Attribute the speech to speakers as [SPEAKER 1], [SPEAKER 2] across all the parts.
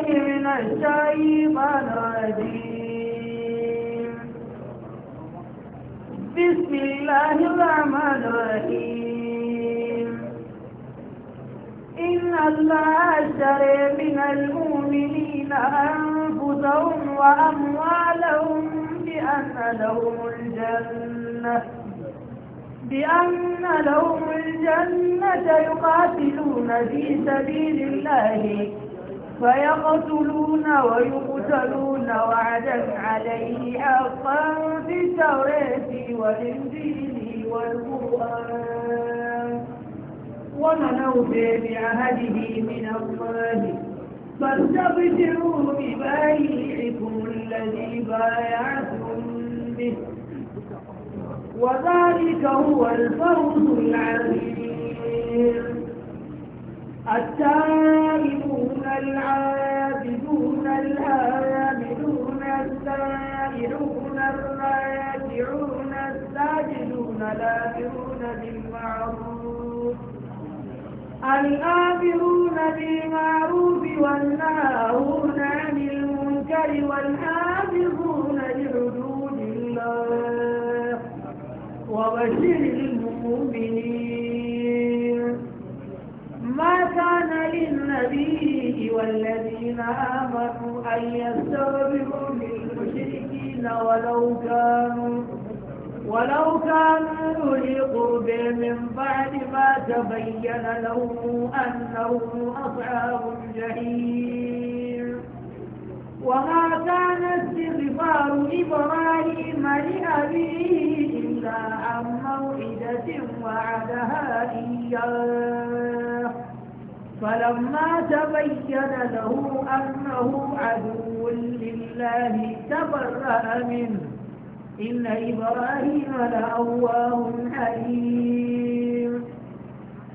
[SPEAKER 1] الله من الشيطان الرجيم بسم الله الرحمن الرحيم إن الله اشتري من المؤمنين أنفسهم وأموالهم بأن لهم الجنة بأن لهم الجنة يقاتلون في سبيل الله فيقتلون ويقتلون وعدا عليه حقا في التوراة والإنجيل والقرآن ومن أوفي بعهده من الله فاستبشروا ببايعكم الذي بايعتم به وذلك هو الفوز العظيم التائبون العابدون الآمنون السائلون الراجعون الساجدون الآمرون بالمعروف الآمرون بالمعروف والناهون عن المنكر والحافظون لحدود الله وبشر المؤمنين ما كان للنبي والذين آمنوا أن يستغفروا للمشركين ولو كانوا ولو كانوا أولي قرب من بعد ما تبين لهم أنهم أصحاب الجحيم وما كان استغفار إبراهيم لأبيه إلا عن موعدة وعدها إياه فلما تبين له أنه عدو لله تبرأ منه إن إبراهيم لأواه حليم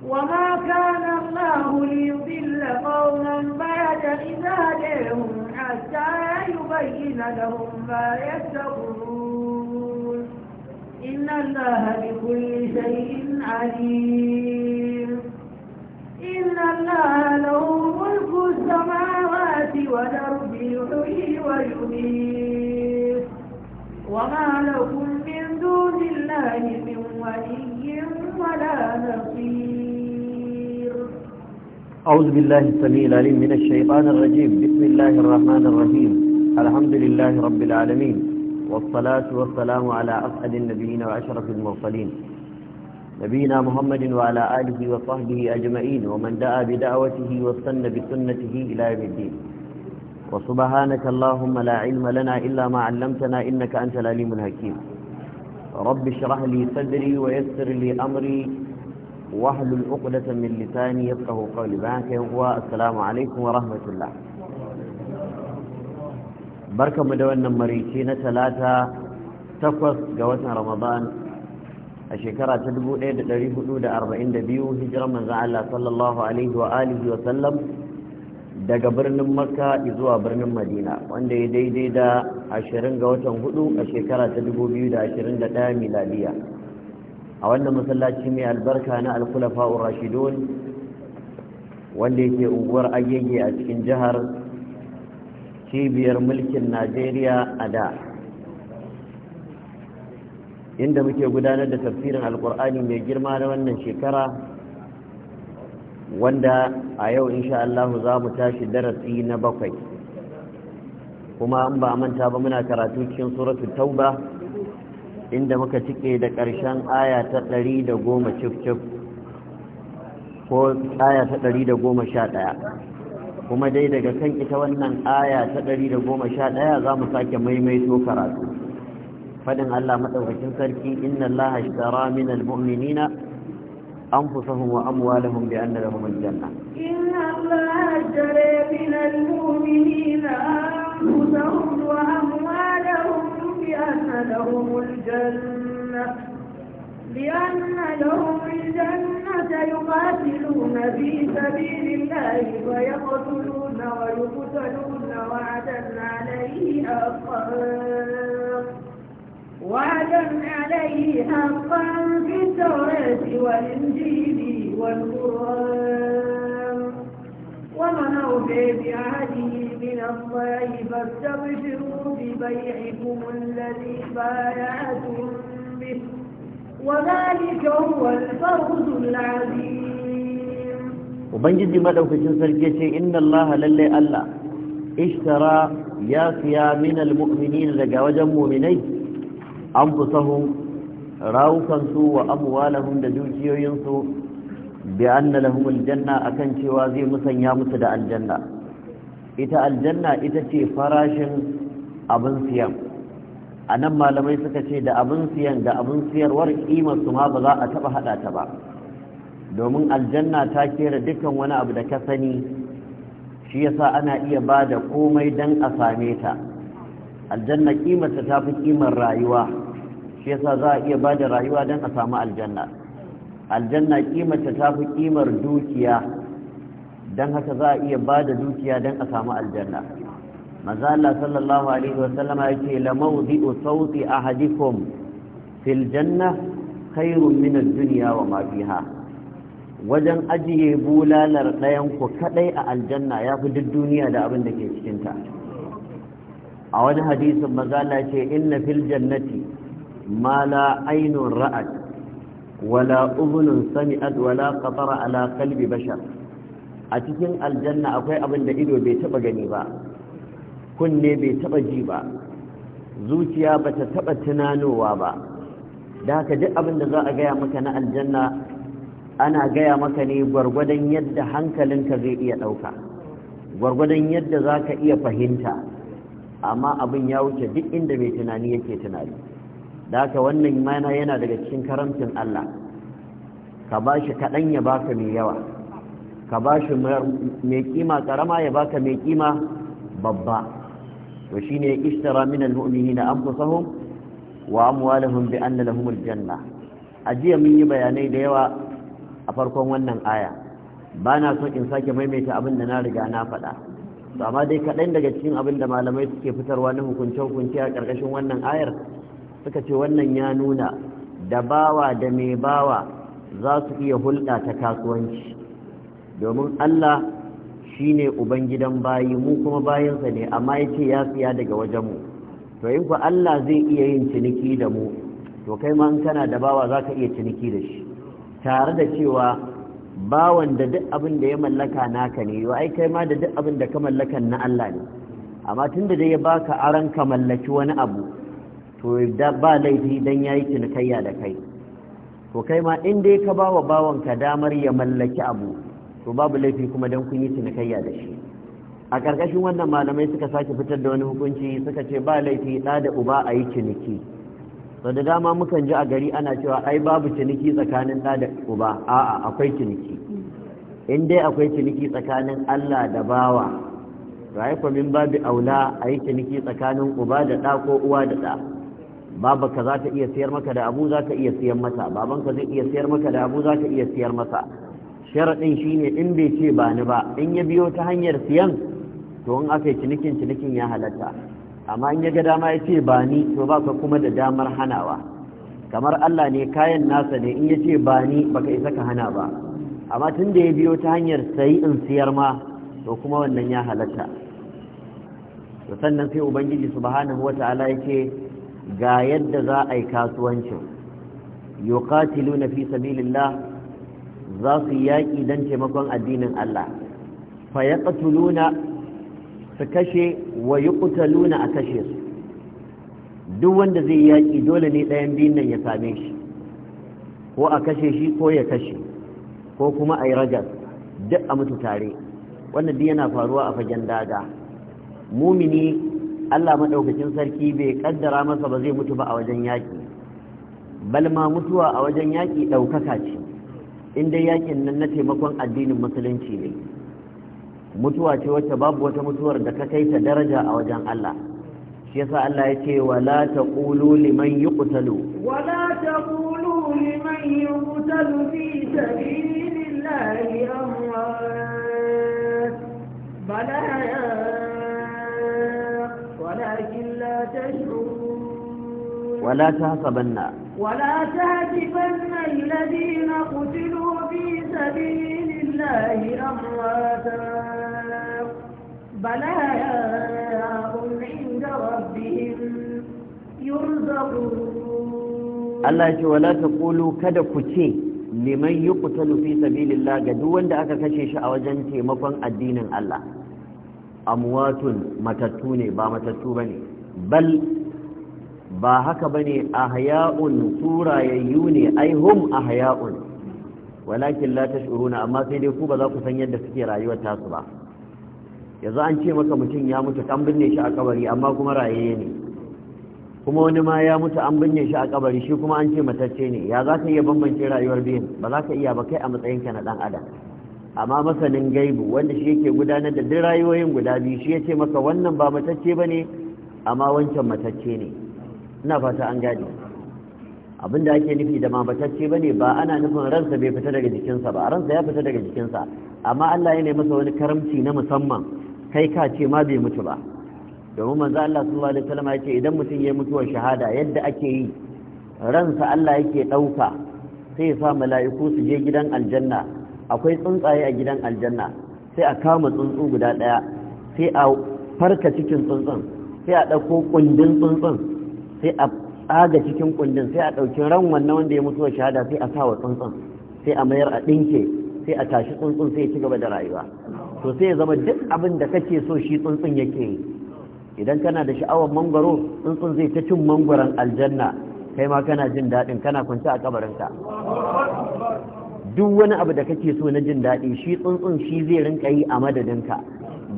[SPEAKER 1] وما كان الله ليضل قوما بعد إذ حتى يبين لهم ما يتقون إن الله بكل شيء عليم وما لكم من دون الله من ولي ولا نصير
[SPEAKER 2] أعوذ بالله السميع العليم من الشيطان الرجيم بسم الله الرحمن الرحيم الحمد لله رب العالمين والصلاة والسلام على أسعد النبيين وأشرف المرسلين نبينا محمد وعلى آله وصحبه أجمعين ومن دعا بدعوته واستنى بسنته إلى يوم الدين وسبحانك اللهم لا علم لنا إلا ما علمتنا إنك أنت العليم الحكيم رب اشرح لي صدري ويسر لي أمري واحلل عقدة من لساني يفقه قولي بانك والسلام عليكم ورحمة الله بركة مدونة مريكين ثلاثة تقص قوتنا رمضان a shekara ta 1442 hijirar manzan Allah sallallahu Alaihi wa alihi wa sallam daga birnin makka zuwa birnin madina wanda ya daidai da 20 ga watan hudu a shekara ta 2021 miladiya a wannan masallaci mai albarka na alkulafa'ur rashidun wanda yake unguwar agege a cikin jihar cibiyar mulkin najeriya a da inda muke gudanar da tafsirin alkur'ani mai girma na wannan shekara wanda a yau insha Allah za mu tashi darasi na bakwai kuma an ba manta ba muna karatu cikin suratul tauba inda muka cike da ƙarshen aya ta ɗari cif-cif ko aya ta ɗari kuma dai daga kan ita wannan aya ta ɗari za mu sake maimaito karatu faɗin Allah maɗaukakin sarki inna Allah ashtara minal mu'minina أنفسهم وأموالهم بأن لهم الجنة
[SPEAKER 1] إن الله اشترى من المؤمنين أنفسهم وأموالهم بأن لهم الجنة لأن لهم الجنة يقاتلون في سبيل الله ويقتلون ويقتلون وعدا عليه حقا وعدم عليه حقا في التوراة والإنجيل والقرآن ومن أوفي بعهده من الله فاستبشروا ببيعكم الذي بايعتم به وذلك هو الفوز العظيم
[SPEAKER 2] ومن Ubangiji madaukakin sarki ce inna Allah lalle Allah ishtara ya siya minal mu'minin daga wajen mu'minai anfusahum rawukansu wa amwalahum da dukiyoyinsu bi anna lahum aljanna akan cewa zai musanya musu da aljanna ita aljanna ita ce farashin abin siyan anan malamai suka ce da abin siyan da abin siyarwar kimar su ma ba za a taba hada ta ba domin aljanna ta kera dukkan wani abu da ka sani shi yasa ana iya ba da komai dan a same ta aljanna kimarta ta fi kimar rayuwa shi yasa za a iya da rayuwa don a samu aljanna aljanna kimata ta fi kimar dukiya don haka za a iya bada dukiya don a samu aljanna maza Allah sallallahu alaihi wa sallama yake la mawdi'u sawti ahadikum fil janna khairun min dunya wa ma fiha wajen ajiye bulalar ɗayan ku kadai a aljanna yafi duk duniya da abin da ke cikinta. a wani hadisin maza Allah ce inna fil jannati ما لا عين رأت ولا أذن سمعت ولا A cikin قلب akwai أتكين الجنة أكوي أبن دئيدو بيتبا جنيبا kunne bai taba ji ba zuciya ba ta taba tunanowa ba da haka duk abin da za a gaya maka na aljanna ana gaya maka ne gwargwadon yadda hankalinka zai iya ɗauka gwargwadon yadda za ka iya fahimta amma abin ya wuce duk inda mai tunani yake tunani da haka wannan mana yana daga cikin karamcin Allah ka ba shi kaɗan ya baka mai yawa ka ba shi mai kima ƙarama ya baka mai kima babba to shi ne ishtara min al-mu'mini na anfusahum wa amwalahum bi anna lahum al-janna ajiya mun yi bayanai da yawa a farkon wannan aya ba na so in sake maimaita abin da na riga na faɗa to amma dai kaɗan daga cikin abin da malamai suke fitarwa na hukunce-hukunce a ƙarƙashin wannan ayar suka ce wannan ya nuna da bawa da mai bawa za su iya hulɗa ta kasuwanci domin Allah shi ne ubangidan bayi mu kuma bayansa ne amma ya ce ya siya daga wajenmu to yi ku Allah zai iya yin ciniki da mu to kai ma in kana da bawa za ka iya ciniki da shi tare da cewa bawan da duk abin da ya mallaka naka ne yau ai kai ma da duk abin da ka mallakan na Allah ne amma tun da dai ya baka aron ka mallaki wani abu to ba laifi dan yayi cinikayya da kai to kai ma in dai ka bawa bawanka damar ya mallaki abu to babu laifi kuma dan kun yi cinikayya da shi a ƙarƙashin wannan malamai suka sake fitar da wani hukunci suka ce ba laifi ɗa da uba a yi ciniki da dama mukan ji a gari ana cewa ai babu ciniki tsakanin ɗa da uba a'a akwai ciniki in dai akwai ciniki tsakanin allah da bawa ra'ayi min babu aula a yi ciniki tsakanin uba da ɗa ko uwa da ɗa babanka za ta iya siyar maka da abu za ta iya siyar masa babanka zai iya siyar maka da abu za ta iya siyar masa sharaɗin shine in bai ce ba ni ba in ya biyo ta hanyar siyan to in aka yi cinikin cinikin ya halatta amma in ya ga dama ya ce ba ni to ba ka kuma da damar hanawa kamar Allah ne kayan nasa ne in ya ce ba ni baka isa ka hana ba amma tun da ya biyo ta hanyar sayi in siyar ma to kuma wannan ya halatta sannan sai ubangiji subhanahu wata'ala yake ga yadda za a yi kasuwancin na fi sabilillah za su yaƙi don taimakon addinin Allah fa yaqtuluna su kashe wa yuqtaluna a kashe su duk wanda zai yaƙi dole ne ɗayan biyun nan ya same shi ko a kashe shi ko ya kashe ko kuma a yi ragas duk a mutu tare wannan duk yana faruwa a fagen daga mumini Allah madaukakin sarki bai ƙaddara masa ba zai mutu ba a wajen yaki Balma mutuwa a wajen yaƙi ɗaukaka ce in dai yakin nan na taimakon addinin musulunci ne mutuwa ce wacce babu wata mutuwar da ka kai ta daraja a wajen Allah shi yasa Allah ya ce wala taqulu liman yuqtalu
[SPEAKER 1] wala taqulu liman yuqtalu fi sabilillahi amwat bala ولكن لا تشعرون
[SPEAKER 2] ولا تحسبن
[SPEAKER 1] ولا تحسبن الذين قتلوا في سبيل الله أمواتا بل عند ربهم يرزقون الله
[SPEAKER 2] يقول ولا تقولوا كذا كتي liman yi kutalu fi sabilillah ga duk wanda aka kashe shi a wajen taimakon addinin Allah amwatun matattu ne ba matattu bane bal ba haka bane ahya'un surayayyu ne ai a ahya'un walakin la tash'uruna amma sai dai ku ba za ku san yadda suke rayuwar tasu ba yanzu an ce maka mutum ya mutu an binne shi a kabari amma kuma rayaye ne kuma wani ma ya mutu an binne shi a kabari shi kuma an ce matacce ne ya za ka iya bambance rayuwar biyun ba za ka iya ba kai a matsayinka na dan adam amma masanin gaibu wanda shi yake gudanar da duk rayuwoyin guda biyu shi yace maka wannan ba matacce bane amma wancan matacce ne ina fata an gane abinda ake nufi da ma matacce bane ba ana nufin ransa bai fita daga jikinsa ba ransa ya fita daga jikinsa amma Allah ya ne masa wani karamci na musamman kai ka ce ma bai mutu ba domin manzo Allah sallallahu alaihi wasallam ya ce idan mutum ya mutuwa shahada yadda ake yi ransa Allah yake ɗauka sai ya sa mala'iku su je gidan aljanna akwai tsuntsaye a gidan aljanna sai a kama tsuntsu guda ɗaya sai a farka cikin tsuntsun sai a ɗauko kundin tsuntsun sai a tsaga cikin kundin sai a ɗauki ran wannan wanda ya mutu wa shahada sai a sawa tsuntsun sai a mayar a ɗinke sai a tashi tsuntsun sai ya ci gaba da rayuwa to sai ya zama duk abin da kake so shi tsuntsun yake yi idan kana da sha'awar mangwaro tsuntsun zai ta cin mangwaron aljanna kai ma kana jin daɗin kana kwance a kabarinka duk wani abu da kake so na jin daɗi shi tsuntsun shi zai rinka yi a madadinka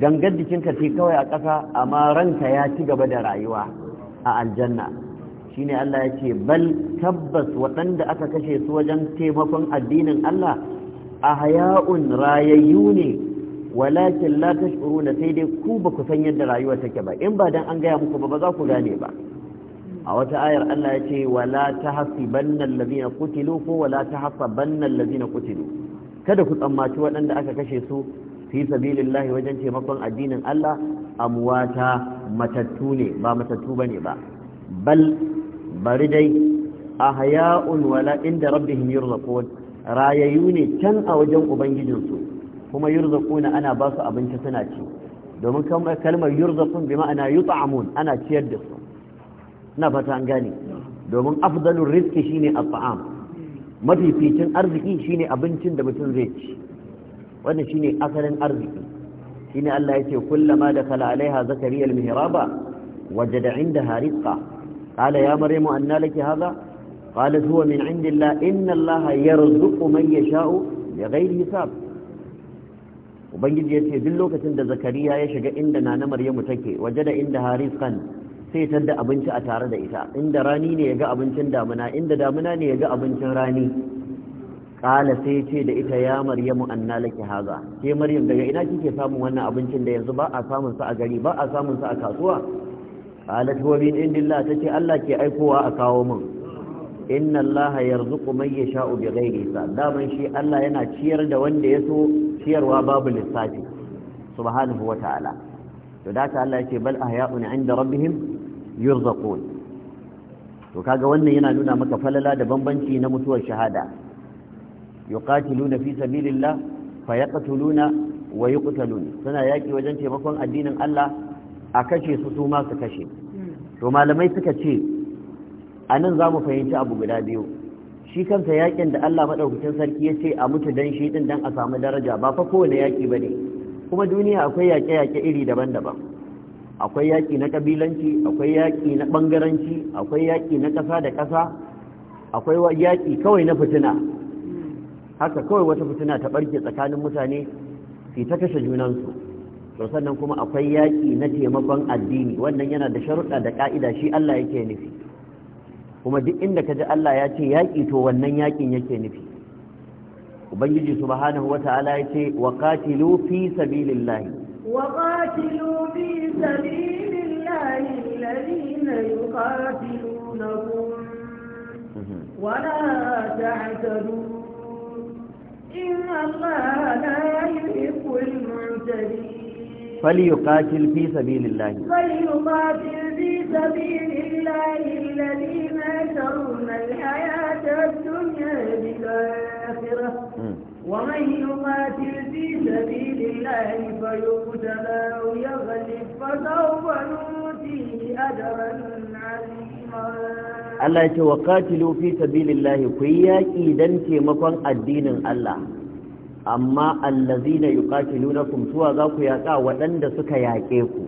[SPEAKER 2] gangar jikinka ce kawai a ƙasa amma ranka ya ci gaba da rayuwa a aljanna shine Allah ya ce bal tabbas waɗanda aka kashe su wajen taimakon addinin Allah a haya'un rayayyu ne walakin la tashuruna sai dai ku ba ku san yadda rayuwa take ba in ba dan an gaya muku ba ba za ku gane ba a wata ayar Allah ya ce wala bannan lazina qutilu ko wala bannan lazina kutilu kada ku tsammaci waɗanda aka kashe su fi sabilillahi wajen taimakon addinin Allah amwata matattu ne ba matattu bane ba bal bari dai ahya'un wala inda rabbihim yurzaqun rayayu ne can a wajen ubangijinsu kuma yurzaquna ana ba su abinci suna ci domin kalmar yurzaqun bi ma'ana yut'amun ana ciyar da su ina fata an gane domin afdalur rizqi a mafi mafificin arziki shine abincin da mutum zai ci wannan shine asalin arziki shine Allah yake kullama zakari alaiha zakariya waje da inda rizqa qala ya maryamu anna laki haza qalat huwa min indillah inna allaha yarzuqu man yasha'u bighayri hisab ubangiji yace duk lokacin da zakariya ya shiga inda nana maryamu take da indaha rizqan sai ya da abinci a tare da ita inda rani ne ya ga abincin damuna inda damuna ne ya ga abincin rani kala sai ce da ita ya maryamu anna laki haza ke maryam daga ina kike samun wannan abincin da yanzu ba a samun sa a gari ba a samun sa a kasuwa qalat huwa min indillah tace Allah ke aikowa a kawo min inna Allah yarzuqu man yasha'u bighairi hisab daman shi Allah yana ciyar da wanda ya so ciyarwa babu lissafi subhanahu wata'ala to da Allah ya ce bal ahya'un inda rabbihim yurzaqun to kaga wannan yana nuna maka falala da bambanci na mutuwar shahada yuqatiluna fi sabilillah fayaqtuluna wa yuqtalun suna yaki wajen taimakon addinin Allah a kashe su su ma su kashe to malamai suka ce anan zamu fahimci abu guda biyu shi kansa yakin da Allah madaukakin sarki ya ce a mutu dan shi din dan a samu daraja ba fa kowane yaki bane kuma duniya akwai yaƙe-yaƙe iri daban-daban akwai yaƙi na ƙabilanci akwai yaƙi na ɓangaranci akwai yaƙi na ƙasa da ƙasa akwai yaƙi kawai na fitina haka kawai wata fitina ta ɓarke tsakanin mutane fi ta kashe junansu to sannan kuma akwai yaƙi na taimakon addini wannan yana da sharuɗa da ƙa'ida shi Allah yake nufi kuma duk inda ka ji Allah ya ce yaƙi to wannan yaƙin yake nufi ubangiji subhanahu wata'ala ya ce wa qatilu fi sabilillahi
[SPEAKER 1] وقاتلوا في سبيل الله الذين يقاتلونكم ولا تعتدوا إن
[SPEAKER 3] الله لا يحب
[SPEAKER 1] المعتدين
[SPEAKER 2] فليقاتل في سبيل الله
[SPEAKER 1] فليقاتل في سبيل الله الذين يشرون الحياة الدنيا بالآخرة ومن يقاتل سبيل الله فيقتل أو يغلب فسوف نؤتيه أجرا عظيما
[SPEAKER 2] Allah ya ce wa katilu fi sabilillahi ku yi yaƙi don taimakon addinin Allah amma allazina yuqatilunakum suwa za ku yaƙa waɗanda suka yaƙe ku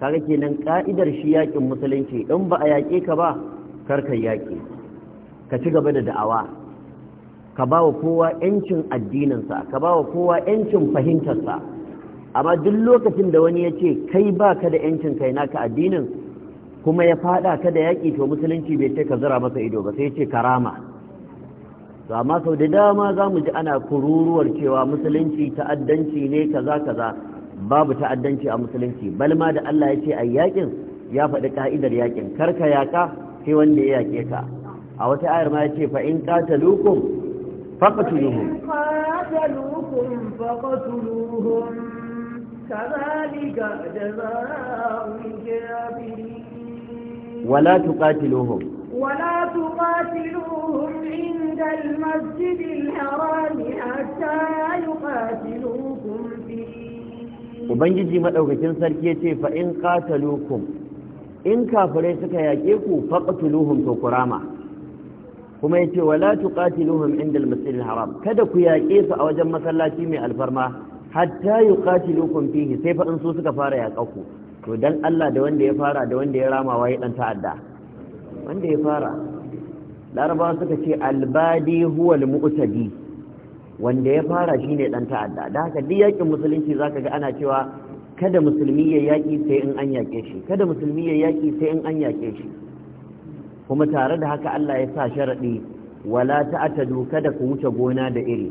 [SPEAKER 2] kaga kenan ka'idar shi yaƙin musulunci in ba a yaƙe ka ba kar ka yaƙe ka ci gaba da da'awa ka ba wa kowa yancin addininsa ka ba wa kowa yancin fahimtarsa amma duk lokacin da wani ya ce kai ba ka da yancin kai naka addinin kuma ya fada ka da yaƙi to musulunci bai ce ka zira masa ido ba sai ce karama to amma sau da dama za mu ji ana kururuwar cewa musulunci ta'addanci ne kaza kaza babu ta'addanci a musulunci Balma da Allah ya ce a yaƙin ya faɗi ka'idar yaƙin ka yaƙa sai wanda ya yaƙe ka a wata ayar ma ya ce fa in فقتلوهم
[SPEAKER 1] قاتلوكم فقتلوهم كذلك جزاء الكافرين ولا
[SPEAKER 2] تقاتلوهم
[SPEAKER 1] ولا تقاتلوهم عند المسجد الحرام حتى يقاتلوكم فيه
[SPEAKER 2] Ubangiji maɗaukakin sarki ya ce fa in qataluukum in kafirai suka yaƙe ku faqtuluhum to kurama kuma ya ce wala tuqatiluhum inda al al haram kada ku yaƙe su a wajen masallaci mai alfarma hatta yuqatilukum fihi sai fa in su suka fara yaƙaku to dan Allah da wanda ya fara da wanda ya rama waye dan ta'adda wanda ya fara larabawa suka ce al al-badi huwa al-mu'tadi wanda ya fara shine dan ta'adda da haka duk yaƙin musulunci zaka ga ana cewa kada musulmi ya yaƙi sai in an yaƙe shi kada musulmi ya yaƙi sai in an yaƙe shi kuma tare da haka Allah ya sa sharaɗi wala ta'tadu kada ku wuce gona da iri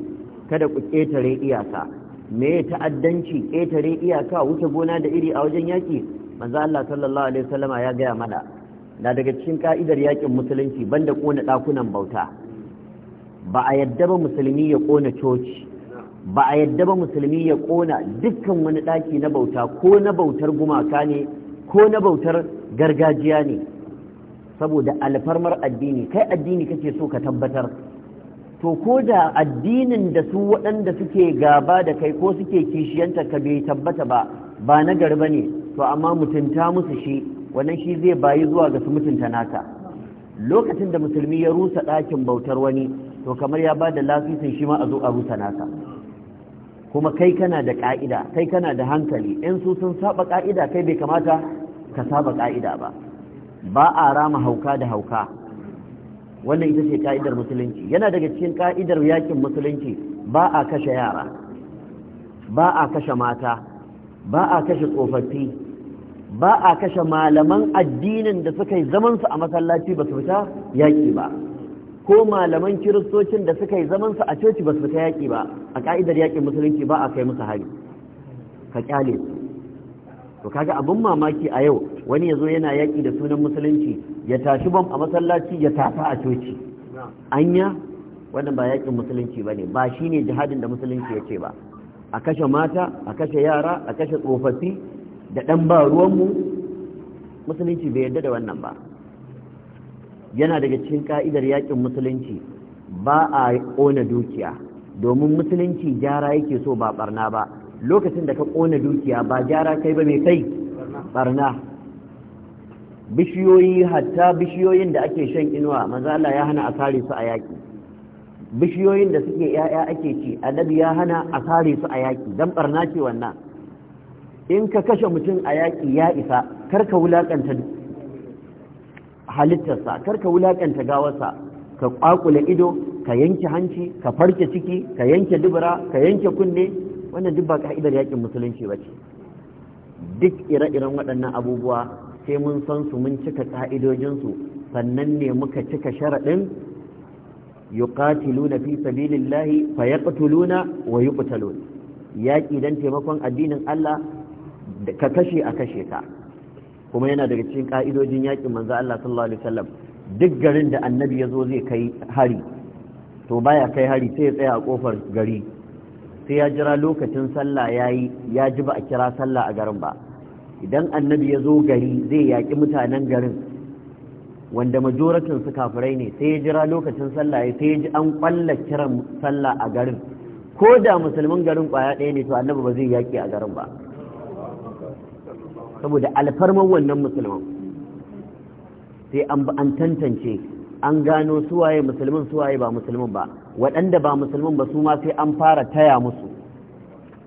[SPEAKER 2] kada ku ƙetare iyaka me ya ta'addanci ƙetare iyaka wuce gona da iri a wajen yaƙi manzo Allah sallallahu alaihi wasallama ya gaya mana na daga cikin ka'idar yaƙin musulunci banda kona ɗakunan bauta ba a yadda ba musulmi ya kona coci ba a yadda ba musulmi ya kona dukkan wani ɗaki na bauta ko na bautar gumaka ne ko na bautar gargajiya ne saboda alfarmar addini kai addini kake so ka tabbatar to ko da addinin da su waɗanda suke gaba da kai ko suke kishiyanta ka bai tabbata ba ba na ba ne to amma mutunta musu shi wannan shi zai bayi zuwa ga su mutunta naka lokacin da musulmi ya rusa ɗakin bautar wani to kamar ya ba da lasisin shi ma a zo a rusa naka kuma kai kana da ƙa'ida kai kana da hankali in su sun saba ƙa'ida kai bai kamata ka saba ƙa'ida ba ba a rama hauka da hauka wannan ita ce ka'idar musulunci yana daga cikin ka'idar yakin musulunci ba a kashe yara ba a kashe mata ba a kashe tsofaffi ba a kashe malaman addinin da suka yi zamansu a masallaci ba su fita yaƙi ba ko malaman kiristocin da suka yi zamansu a coci ba su fita yaƙi ba a ka'idar yaƙin musulunci ba a kai musu hari ka kyale su to kaga abin mamaki a yau wani ya zo yana yaƙi da sunan musulunci ya tashi bam a masallaci ya tafa a coci anya wannan ba yaƙin musulunci ba ne ba shi ne jihadin da musulunci ya ce ba a kashe mata a kashe yara a kashe tsofaffi da ɗan ba ruwanmu musulunci bai yarda da wannan ba yana daga cikin ka'idar yaƙin musulunci ba a ƙona dukiya domin musulunci gyara yake so ba barna ba lokacin da ka ƙona dukiya ba gyara kai ba mai kai barna bishiyoyi hatta bishiyoyin da ake shan inuwa maza ya hana a kare su a yaƙi bishiyoyin da suke ‘ya'ya ake ci annabi ya hana a kare su a yaƙi don ɓarna ce wannan in ka kashe mutum a yaƙi ya isa karka wulaƙanta halittarsa karka wulaƙanta gawarsa ka ƙwaƙula ido ka yanke hanci ka farke ciki ka yanke dubura ka yanke kunne wannan duk ba ka'idar yakin musulunci ba ce duk ire-iren waɗannan abubuwa sai mun san su mun cika ka'idojinsu sannan ne muka cika sharaɗin yuqatiluna fi sabilillahi luna wa yuqtalun yaƙi dan taimakon addinin Allah ka kashe a kashe ka kuma yana daga cikin ka'idojin yaƙin manzo Allah sallallahu alaihi wasallam duk garin da annabi ya zo zai kai hari to baya kai hari sai ya tsaya a kofar gari sai ya jira lokacin sallah ya yi ya ji ba a kira sallah a garin ba idan annabi ya zo gari zai yaƙi mutanen garin wanda majoratin su kafirai ne sai ya jira lokacin sallah ya sai ya ji an kwalla kiran sallah a garin ko da musulmin garin kwaya ɗaya ne to annabi ba zai yaƙi a garin ba saboda alfarman wannan musulman sai an tantance an gano suwaye musulmin suwaye ba musulmin ba waɗanda ba musulmin ba su ma sai an fara taya musu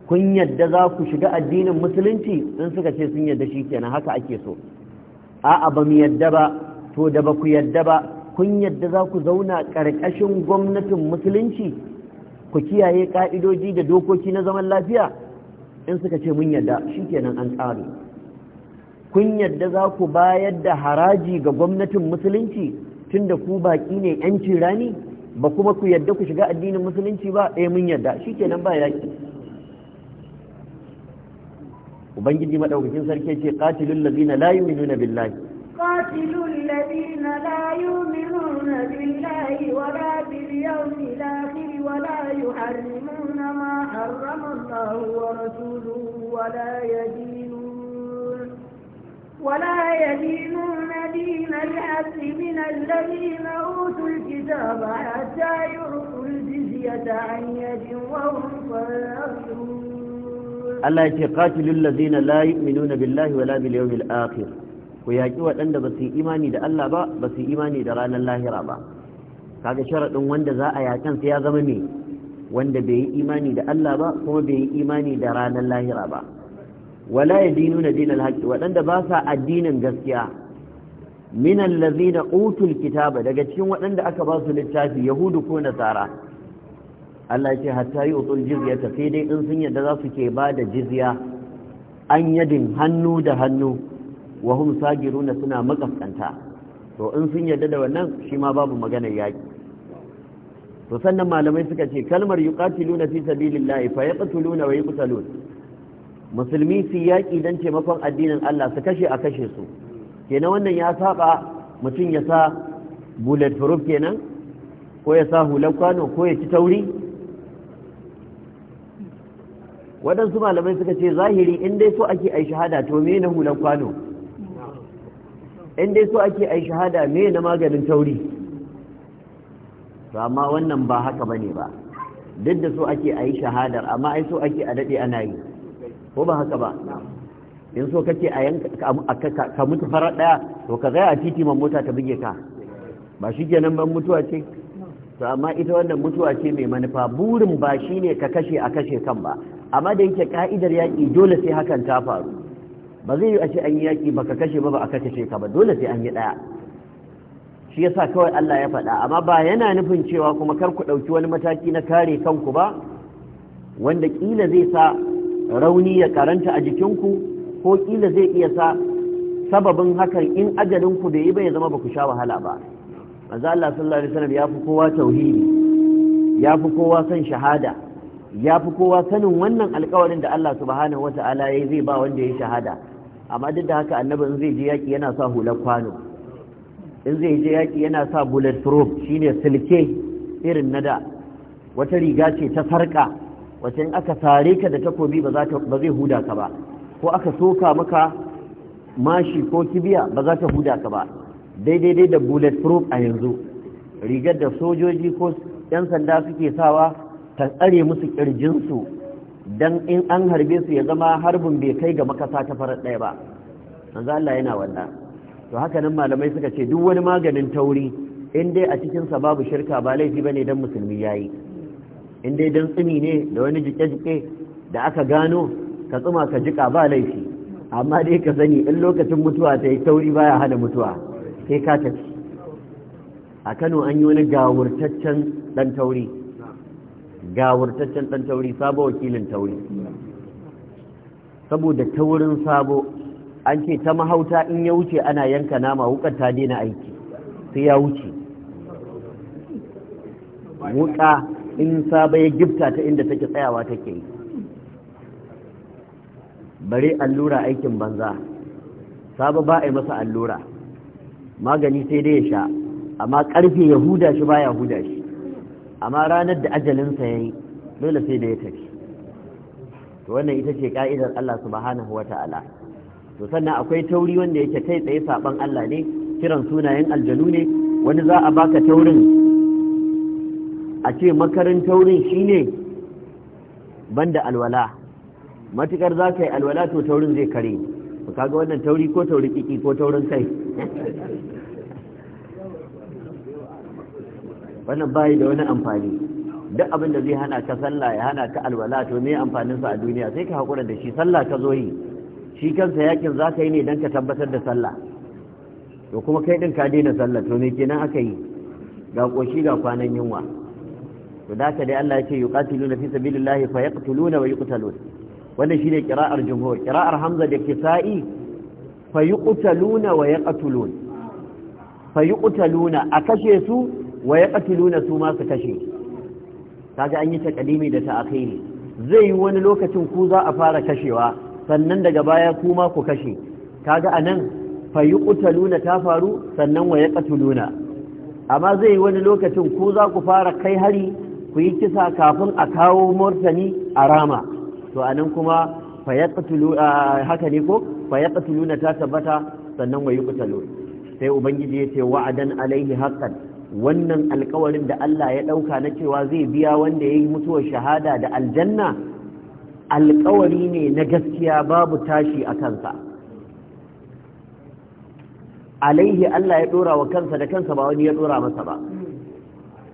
[SPEAKER 2] kun yadda za ku shiga addinin musulunci in suka ce sun yadda shi kenan haka ake so a'a ba mu yadda ba to da ba ku yadda ba kun yadda za ku zauna ƙarƙashin gwamnatin musulunci ku kiyaye ƙa'idoji da dokoki na zaman lafiya in suka ce mun yadda shi kenan an tsare kun yadda za ku bayar da haraji ga gwamnatin musulunci tunda ku baƙi ne yancin rani ba kuma ku yadda ku shiga addinin musulunci ba eh mun yadda shi nan ba yaƙi ubangiji maɗaukacin sarki ce qatilul ladina la yu'minuna billahi
[SPEAKER 1] qatilul ladina la yu'minuna billahi wa la bil yawmil akhir wa la yuharrimuna ma harrama Allah wa rasuluhu wa la yadin ولا يدينون دين الحق من الذين أوتوا الكتاب حتى يعطوا الجزية عن يد وهم صاغرون
[SPEAKER 2] الله يتقاتل الذين لا يؤمنون بالله ولا باليوم الآخر ويأتي وأن بس إيماني ده الله با بس إيماني ده رانا الله رابا kaga شرط wanda za a yakan sai ya zama ne wanda bai yi imani da Allah ba kuma bai yi imani wala na dinal haqqi waɗanda ba sa addinin gaskiya min allazina utul kitaba daga cikin waɗanda aka ba su littafi yahudu ko nasara Allah ce hatta yi utul jizya ta sai dai in sun yadda za su ke ba da jizya an yadin hannu da hannu wa hum sagiruna suna makaskanta to in sun yadda da wannan shi ma babu magana yaki to sannan malamai suka ce kalmar yuqatiluna fi sabilillahi fa yaqtuluna wa yuqtalun musulmi su yaƙi don taimakon addinin Allah su kashe a kashe su kenan wannan ya saba mutum ya sa bullet proof kenan ko ya sa hular kwano ko ya ci tauri waɗansu malamai suka ce zahiri in dai so ake ai shahada to me na hular kwano in dai so ake ai shahada me na maganin tauri amma wannan ba haka bane ba duk da so ake ai shahadar amma ai so ake a daɗe ana yi ko ba haka ba in so kake a yanka ka mutu farar daya to ka zai a titi man mota ta buge ka ba shi kenan ban mutuwa ce to amma ita wannan mutuwa ce mai manufa burin ba shi ne ka kashe a kashe kan ba amma da yake ka'idar yaƙi dole sai hakan ta faru ba zai yi a ce an yi yaƙi ba ka kashe ba ba a kashe ka ba dole sai an yi ɗaya shi yasa kawai Allah ya faɗa amma ba yana nufin cewa kuma kar ku ɗauki wani mataki na kare kanku ba wanda ƙila zai sa rauni ya karanta a jikinku ko kila zai iya sa sababin hakan in ajalinku bai yi ba ya zama ba ku sha wahala ba manzo Allah sallallahu alaihi wasallam ya fi kowa tauhidi ya fi kowa san shahada ya fi kowa sanin wannan alkawarin da Allah subhanahu wata'ala ya zai ba wanda ya shahada amma duk da haka annabi in zai je yaki yana sa hular kwano in zai je yaki yana sa bullet proof shine silke irin na da wata riga ce ta sarka wacin aka sare ka da takobi ba zai huda ka ba ko aka soka maka mashi ko kibiya ba za ta huda ka ba daidai da bullet proof a yanzu rigar da sojoji ko 'yan sanda suke sawa ta tsare musu kirjinsu don in an harbe su ya zama harbin bai kai ga makasa ta farar ɗaya ba manzo Allah yana wannan to haka nan malamai suka ce duk wani maganin tauri in dai a cikin sa babu shirka ba laifi ne dan musulmi yayi in dai dan tsumi ne da wani jike-jike da aka gano ka tsuma ka jika ba laifi amma dai ka sani in lokacin mutuwa ta yi tauri baya hana mutuwa sai ka tafi a kano an yi wani gawurtaccen dan tauri gawurtaccen dan tauri sabo wakilin tauri saboda taurin sabo an ce ta mahauta in ya wuce ana yanka nama wukar ta daina aiki sai ya wuce wuka in saba ya gifta ta inda take tsayawa take yi bare allura aikin banza saba ba a yi masa allura magani sai dai ya sha amma karfe ya huda shi ba ya huda shi amma ranar da ajalinsa ya yi dole sai da ya tafi to wannan ita ce ka'idar Allah subhanahu wa ta'ala to sannan akwai tauri wanda yake kai tsaye saban Allah ne kiran sunayen aljanu ne wani za a baka taurin a ce makarin taurin ban banda alwala matukar za ka yi alwala to taurin zai kare ba kaga wannan tauri ko tauri kiki ko taurin kai wannan bayi da wani amfani duk abin da zai hana ka sallah ya hana ka alwala to me amfanin a duniya sai ka haƙura da shi sallah ka zo yi shi kansa yakin za ka yi ne don ka tabbatar da sallah to kuma kai ɗin ka daina sallah to me kenan aka yi ga koshi ga kwanan yunwa to da ka dai Allah ya ce yuqatiluna fi sabilillahi fa yaqtuluna wa yuqtalun wannan shine qira'ar jumhur qira'ar hamza da kisa'i fa yuqtaluna wa yaqtulun fa yuqtaluna a kashe su wa yaqtuluna su ma su kashe kaga an yi ta takadimi da ta ta'khiri zai yi wani lokacin ku za a fara kashewa sannan daga baya kuma ku kashe kaga anan fa yuqtaluna ta faru sannan wa yaqtuluna amma zai yi wani lokacin ku za ku fara kai hari ku yi kisa kafin a kawo murtani a rama to anan kuma haka ne ko na ta tabbata sannan wa yuqtalu sai ubangiji ya ce wa'adan alaihi haqqan wannan alkawarin da Allah ya ɗauka na cewa zai biya wanda yayi mutuwar shahada da aljanna alkawari ne na gaskiya babu tashi a kansa alaihi Allah ya ɗora wa kansa da kansa ba wani ya ɗora masa ba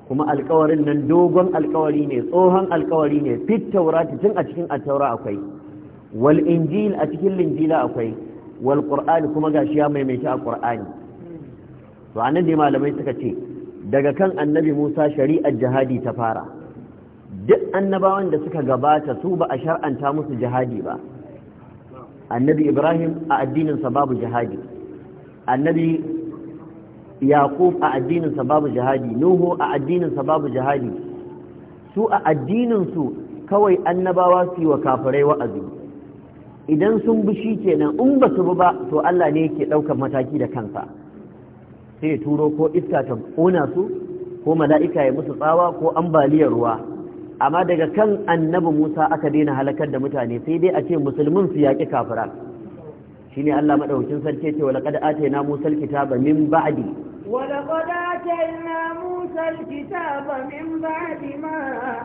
[SPEAKER 2] kuma alkawarin nan dogon alkawari ne tsohon alkawari ne fit taurati tun a cikin attaura akwai wal injil a cikin linjila akwai wal qur'ani kuma gashi ya maimaita a qur'ani to anan ne malamai suka ce daga kan annabi Musa shari'ar jihadi ta fara duk annabawan da suka gabata su ba a shar'anta musu jihadi ba annabi Ibrahim a addininsa babu jihadi annabi yaqub a addininsa babu jihadi nuhu a addininsa babu jihadi su a addininsu kawai annabawa su yi wa kafirai wa'azi idan sun bi shi kenan in ba su bi ba to Allah ne yake ɗaukar mataki da kansa sai ya turo ko iska ta kona su ko mala'ika ya musu tsawa ko ambaliyar ruwa amma daga kan annabi Musa aka daina halakar da mutane sai dai a ce musulmin su yaƙi shi shine Allah madaukin sarki ce wa laqad atayna Musa alkitaba min ba'di
[SPEAKER 1] ولقد آتينا موسى الكتاب من بعد ما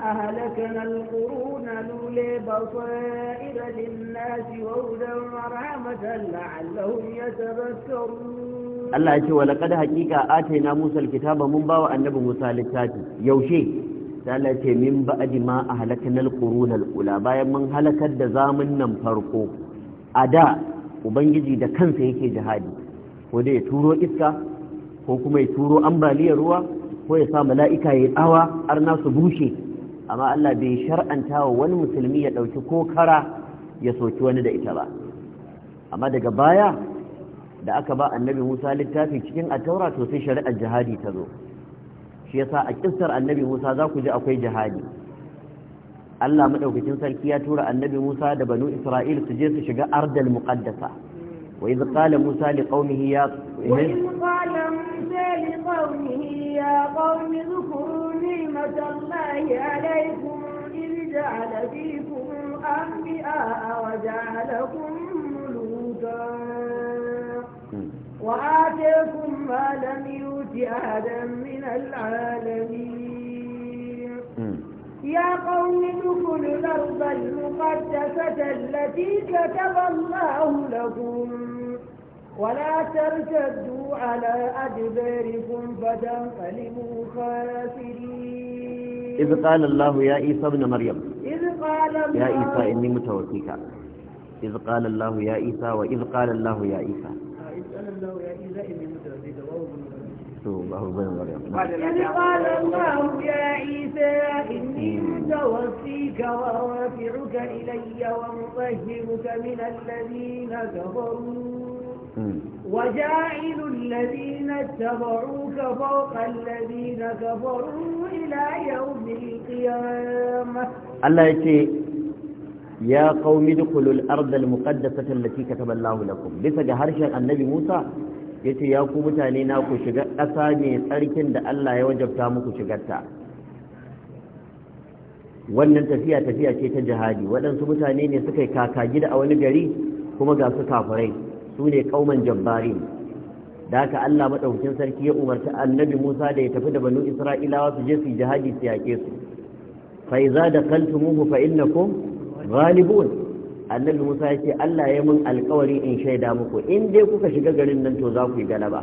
[SPEAKER 1] أهلكنا القرون لولي بصائر للناس وهدى ورحمة لعلهم يتذكرون
[SPEAKER 2] Allah ya ce wa laqad haqiqa atayna Musa alkitaba mun bawa annabi Musa littafi yaushe da Allah ce min ba'di ma ahlaknal bayan mun halakar da zamun nan farko a da ubangiji da kansa yake jihadi ko da ya turo iska ko kuma ya turo ambaliyar ruwa ko ya sa mala'ika ya tsawa har nasu bushe amma Allah bai shar'anta wa wani musulmi ya ɗauki ko kara ya soki wani da ita ba amma daga baya da aka ba annabi Musa littafi cikin attaura to sai shari'ar jihadi ta zo shi yasa a kissar annabi Musa za ku ji akwai jihadi Allah madaukakin sarki ya tura annabi Musa da banu Isra'il su je su shiga ardal muqaddasa وإذ قال موسى لقومه يا وإذ إيه؟
[SPEAKER 1] قال موسى لقومه يا قوم اذكروا نعمة الله عليكم إذ جعل فيكم أنبياء وجعلكم ملوكا وآتيكم ما لم يؤت أحدا من العالمين يا قوم ادخلوا الأرض المقدسة التي كتب الله لكم ولا ترتدوا على أدباركم فتنقلبوا خاسرين
[SPEAKER 2] إذ قال الله يا عيسى ابن مريم
[SPEAKER 1] إذ قال الله يا عيسى إني
[SPEAKER 2] متوفيك إذ قال الله يا عيسى وإذ قال الله يا عيسى
[SPEAKER 3] إذ قال الله يا عيسى إني
[SPEAKER 2] إذ
[SPEAKER 1] قال الله يا عيسى إني متوفيك ورافعك إلي ومطهرك من الذين كفروا وجاعل الذين اتبعوك فوق الذين كفروا إلى يوم القيامة
[SPEAKER 2] الله يتي يا قوم ادخلوا الأرض المقدسة التي كتب الله لكم بسجى هرشا النبي موسى ya ce ya ku mutane na ku shiga ƙasa ne tsarkin da Allah ya wajabta muku shigarta wannan tafiya tafiya ce ta jihadi waɗansu mutane ne suka yi kaka gida a wani gari kuma ga su kafirai su ne kauman jabbarin da haka Allah maɗaukakin sarki ya umarci annabi Musa da ya tafi da banu Isra'ilawa su je su yi jihadi su yaƙe su fa iza da kaltumuhu fa innakum ghalibun annabi musa ya ce allah ya mun alkawari in shaida muku in dai kuka shiga garin nan to za ku yi galaba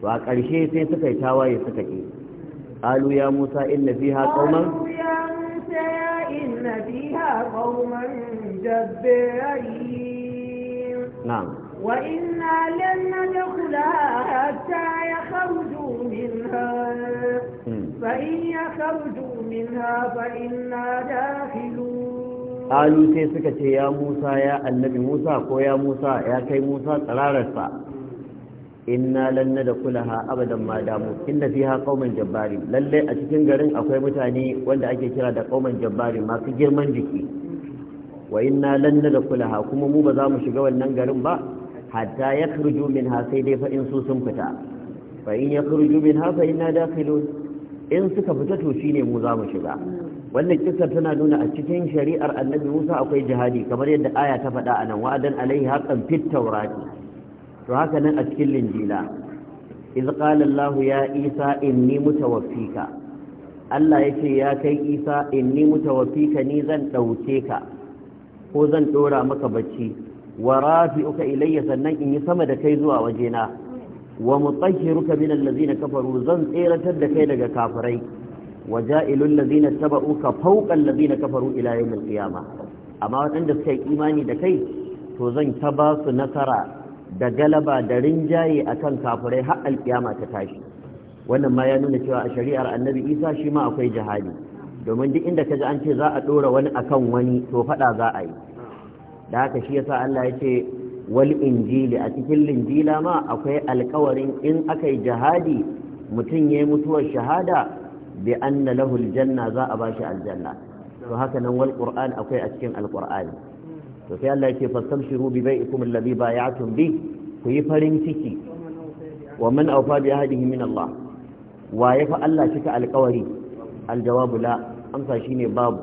[SPEAKER 2] to a ƙarshe sai suka yi tawaye suka ƙi qalu ya musa in inna fiha qauman na'am
[SPEAKER 1] وإنا لن ندخلها حتى يخرجوا منها فإن يخرجوا منها فإنا داخلون
[SPEAKER 2] ƙalu sai suka ce ya musa ya annabi musa ko ya musa ya kai musa tsararsa inna lan da kulaha abadan ma damu fi ha qauman jabbari lalle a cikin garin akwai mutane wanda ake kira da qauman jabbari masu girman jiki wa inna lan da kulaha kuma mu ba za mu shiga wannan garin ba hatta min ha sai dai fa in su sun fita fa in min ha fa inna dakhilun in suka fita to shine mu za mu shiga wannan kisa tana nuna a cikin shari'ar annabi musa akwai jihadi kamar yadda aya ta faɗa a nan wa'adan alaihi haƙan fit taurati to haka nan a cikin linjila iz qala allah ya isa inni mutawaffika allah yace ya kai isa inni mutawaffika ni zan ɗauke ka ko zan ɗora maka bacci wa uka ilayya sannan in yi sama da kai zuwa wajena wa mutahhiruka min allazina kafaru zan tseratar da kai daga kafirai وجائل الذين اتبعوك فوق الذين كفروا الى يوم القيامه amma waɗanda suka yi imani da kai to zan ta ba su nasara da galaba da rinjaye akan kafirai har alkiyama ta tashi wannan ma ya nuna cewa a shari'ar annabi isa shi ma akwai jihadi domin duk inda ka ji an ce za a ɗora wani akan wani to faɗa za a yi da haka shi yasa Allah ya ce wal injili a cikin linjila ma akwai alkawarin in aka yi jihadi mutum ya yi mutuwar shahada bi anna lahu aljanna za a bashi aljanna to haka nan wal qur'an akwai a cikin alqur'ani to sai Allah yake fastabshiru bi bai'ikum alladhi bay'atum bi ku yi farin ciki wa man awfa bi ahdihi min Allah wa ya fa Allah cika alƙawari aljawabu la amsa shine babu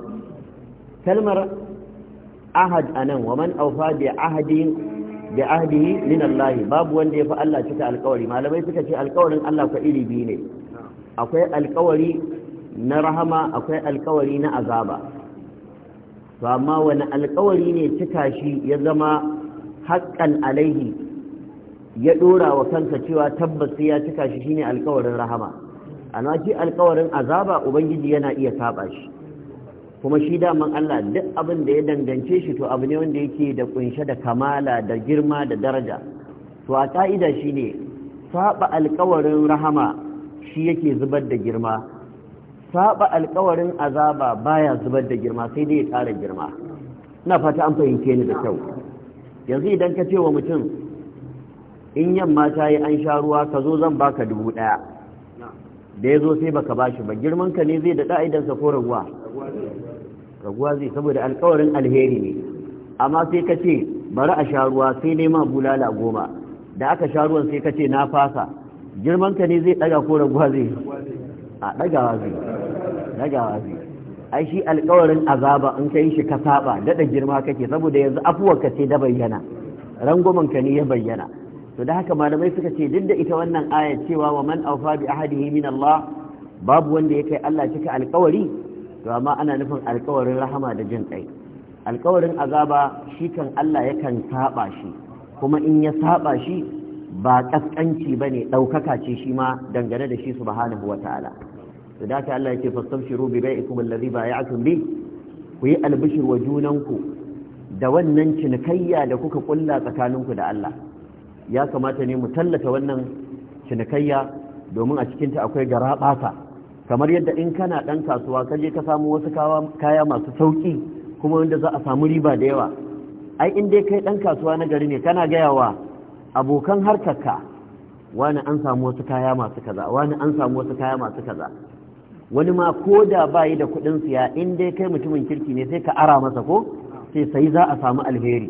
[SPEAKER 2] kalmar ahad anan wa man awfa bi ahdihi bi ahdihi min Allah babu wanda ya fa Allah cika alƙawari malamai suka ce alƙawarin Allah ka iri biyu ne akwai alkawari na rahama akwai alkawari na azaba to amma wani alkawari ne cika shi ya zama haƙƙan alaihi ya ɗora wa kanka cewa tabbas ya cika shi shine alkawarin rahama ana shi alkawarin azaba ubangiji yana iya saba shi kuma shi daman Allah duk abin da ya dangance shi to abu ne wanda yake da kunshe da kamala da girma da daraja to a ka'ida shine saba alkawarin rahama shi yake zubar da girma saba alkawarin azaba baya zubar da girma sai dai ya ƙara girma ina fata an fahimce ni da kyau yanzu idan ka ce wa mutum in yamma ta yi an sha ruwa ka zo zan baka dubu ɗaya da ya zo sai baka ba shi ba girman ka ne zai da sa ko raguwa raguwa zai saboda alkawarin alheri ne amma sai ka ce bari a sha ruwa sai nema bulala goma da aka sha ruwan sai ka ce na fasa girman ka ne zai ɗaga ko raguwa zai a dagawa zai dagawa zai ai shi alƙawarin azaba in yi shi ka saba dada girma kake saboda yanzu afuwarka ka ce da bayyana rangwamen ka ne ya bayyana to da haka malamai suka ce duk da ita wannan aya cewa wa man awfa bi ahadihi min Allah babu wanda ya kai Allah cika alƙawari to amma ana nufin alƙawarin rahama da jin kai alƙawarin azaba shi kan Allah yakan saba shi kuma in ya saba shi ba kaskanci ba ne ɗaukaka ce shi ma dangane da shi subhanahu wata'ala ta'ala da dace Allah yake fastabshiru bi bai'ikum allazi bai'atum bi ku yi albishir wa junanku da wannan cinikayya da kuka kulla tsakaninku da Allah ya kamata ne mu tallata wannan cinikayya domin a cikin ta akwai garabasa kamar yadda in kana dan kasuwa ka je ka samu wasu kaya masu sauƙi, kuma wanda za a samu riba da yawa ai in dai kai dan kasuwa na gari ne kana gayawa abokan harkarka wani an samu wasu kaya masu kaza wani an samu wasu kaya masu kaza wani ma ko da bayi da kuɗin siya in dai kai mutumin kirki ne sai ka ara masa ko sai sai za a samu alheri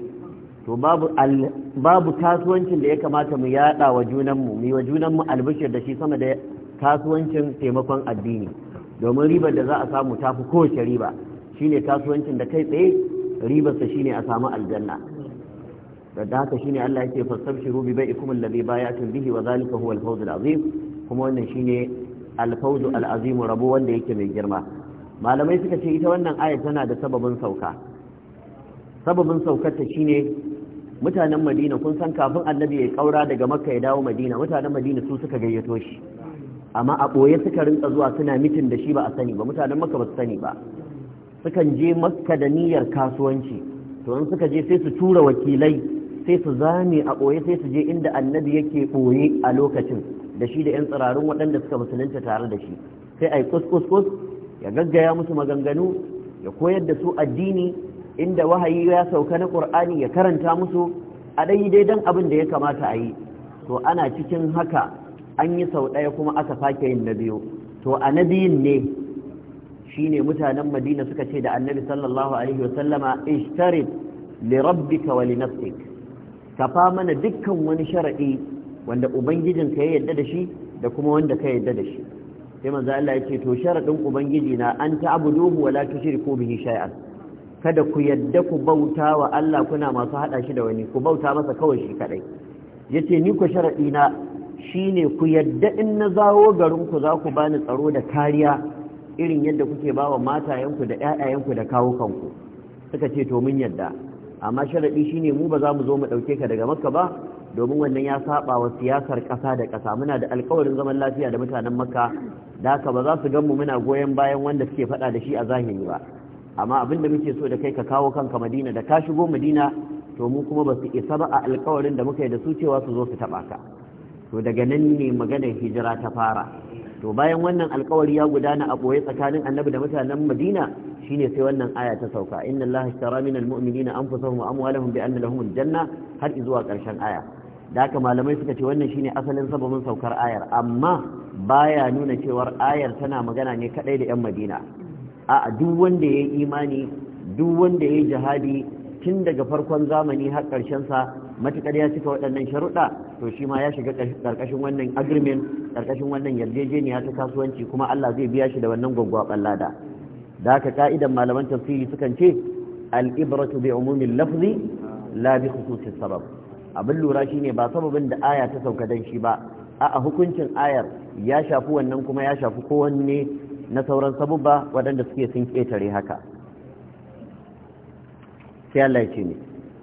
[SPEAKER 2] to babu kasuwancin da ya kamata mu yada wa junanmu mu wa junanmu albishir da shi sama da kasuwancin taimakon addini domin ribar da za a samu tafi kowace riba shine kasuwancin da kai tsaye ribarsa shine a samu aljanna da haka shine Allah yake fastabshiru bi bai'ikum alladhi bay'atum bihi wa zalika huwa al-fawz al-azim kuma wannan shine al-fawz al-azim rabo wanda yake mai girma malamai suka ce ita wannan aya tana da sababin sauka sababin saukar ta shine mutanen Madina kun san kafin Annabi ya kaura daga Makka ya dawo Madina mutanen Madina su suka gayyato shi amma a boye suka rinka zuwa suna mitin da shi ba a sani ba mutanen Makka ba su sani ba sukan je Makka da niyyar kasuwanci to in suka je sai su tura wakilai sai su zame a ɓoye sai su je inda annabi yake ɓoye a lokacin da shi da 'yan tsirarun waɗanda suka musulunta tare da shi sai a yi kuskus ya gaggaya musu maganganu ya koyar da su addini inda wahayi ya sauka na ƙur'ani ya karanta musu a daidai don abin da ya kamata a yi to ana cikin haka an yi sau ɗaya kuma aka sake yin na biyu to a na biyun ne shine mutanen madina suka ce da annabi sallallahu alaihi wasallama ishtarit li rabbika wa li nafsik kafa mana dukkan wani sharadi wanda ka ya yadda da shi da kuma wanda ka yadda da shi sai manzo Allah ya ce to sharadin ubangiji na an ta'buduhu wa la tushriku bihi shay'an kada ku yadda ku bauta wa Allah kuna masu hada shi da wani ku bauta masa kawai shi kadai yace ni ku sharadi na shine ku yadda in na zawo garin ku za ku bani tsaro da kariya irin yadda kuke bawa matayenku da ƴaƴayenku da kawukan kanku suka ce to mun yadda amma sharaɗi shi ne mu ba za mu zo mu ɗauke ka daga makka ba domin wannan ya saɓa wa siyasar ƙasa da ƙasa muna da alƙawarin zaman lafiya da mutanen makka da haka ba za su gan mu muna goyon bayan wanda suke faɗa da shi a zahiri ba amma abin da muke so da kai ka kawo kanka madina da ka shigo madina to mu kuma ba su isa ba a alƙawarin da muka yi da su cewa su zo su taɓa ka to daga nan ne maganar hijira ta fara to bayan wannan alƙawari ya gudana a ɓoye tsakanin annabi da mutanen madina shine sai wannan aya ta sauka inna allaha ishtara minal mu'minina anfusahum wa amwalahum bi anna lahumul janna har zuwa ƙarshen aya da haka malamai suka ce wannan shine asalin sababin saukar ayar amma baya nuna cewar ayar tana magana ne kadai da yan Madina a duk wanda yayi imani duk wanda yayi jihadi tun daga farkon zamani har ƙarshen sa matukar ya cika waɗannan sharuɗa to shi ma ya shiga ƙarƙashin wannan agreement ƙarƙashin wannan yarjejeniya ta kasuwanci kuma Allah zai biya shi da wannan gwaggwaɓar lada da haka ka'idan malaman tafsiri sukan ce al'ibratu bi umumin lafzi la bi khususis sabab abin lura shine ba sababin da aya ta sauka dan shi ba a hukuncin ayar ya shafi wannan kuma ya shafi kowanne na sauran sabubba waɗanda suke sun ƙetare haka sai Allah ya ce ne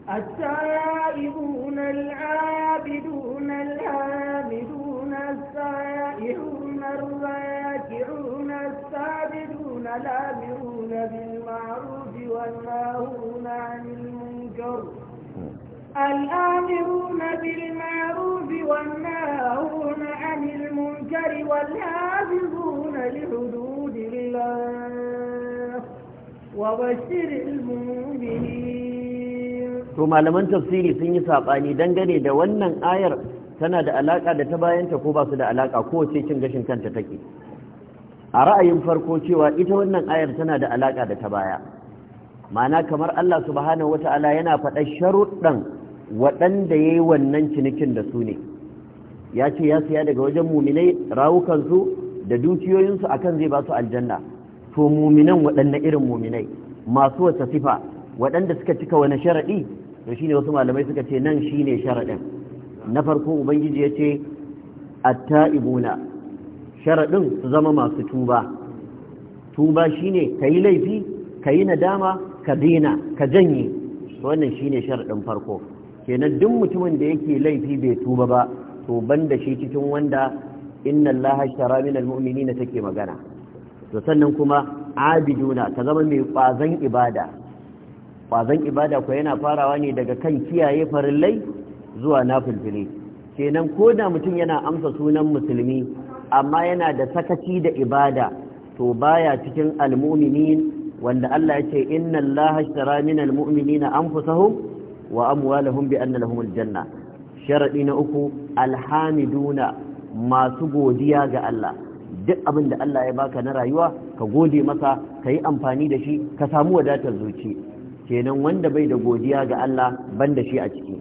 [SPEAKER 1] التائبون العابدون الحامدون السائحون الراكعون الساجدون الآمرون بالمعروف والناهون عن المنكر الآمرون بالمعروف والناهون عن المنكر والحافظون لحدود الله وبشر المؤمنين
[SPEAKER 2] ثم لمن تفسيري سنة سابعني دنجري دوانا آير tana da alaka da ta bayanta ko ba su da alaka ko ce cin gashin kanta take a ra'ayin farko cewa ita wannan ayar tana da alaƙa da ta baya ma'ana kamar Allah subhanahu wata'ala yana faɗa sharuɗan waɗanda ya yi wannan cinikin da su ne ya ce ya siya daga wajen muminai rawukansu da dukiyoyinsu akan zai ba su aljanna to muminan waɗanne irin muminai masu wata sifa waɗanda suka cika wani sharaɗi to ne wasu malamai suka ce nan shi ne sharaɗin na farko ubangiji ya ce attaibuna sharaɗin su zama masu tuba tuba shine ka yi laifi ka yi nadama ka daina ka janye wannan shine sharaɗin farko kenan duk mutumin da yake laifi bai tuba ba to banda shi cikin wanda inna Allah shara min na take magana to sannan kuma abiduna ka zama mai kwazan ibada kwazan ibada ko yana farawa ne daga kan kiyaye farillai zuwa nafilfili kenan ko da mutum yana amsa sunan musulmi amma yana da sakaci da ibada to baya cikin almu'minin wanda Allah ya ce inna Allah ashtara min almu'minina anfusahum wa amwalahum bi anna lahum aljanna sharadi na uku alhamiduna masu godiya ga Allah duk abin da Allah ya baka na rayuwa ka gode masa ka yi amfani da shi ka samu wadatar zuci kenan wanda bai da godiya ga Allah ban da shi a ciki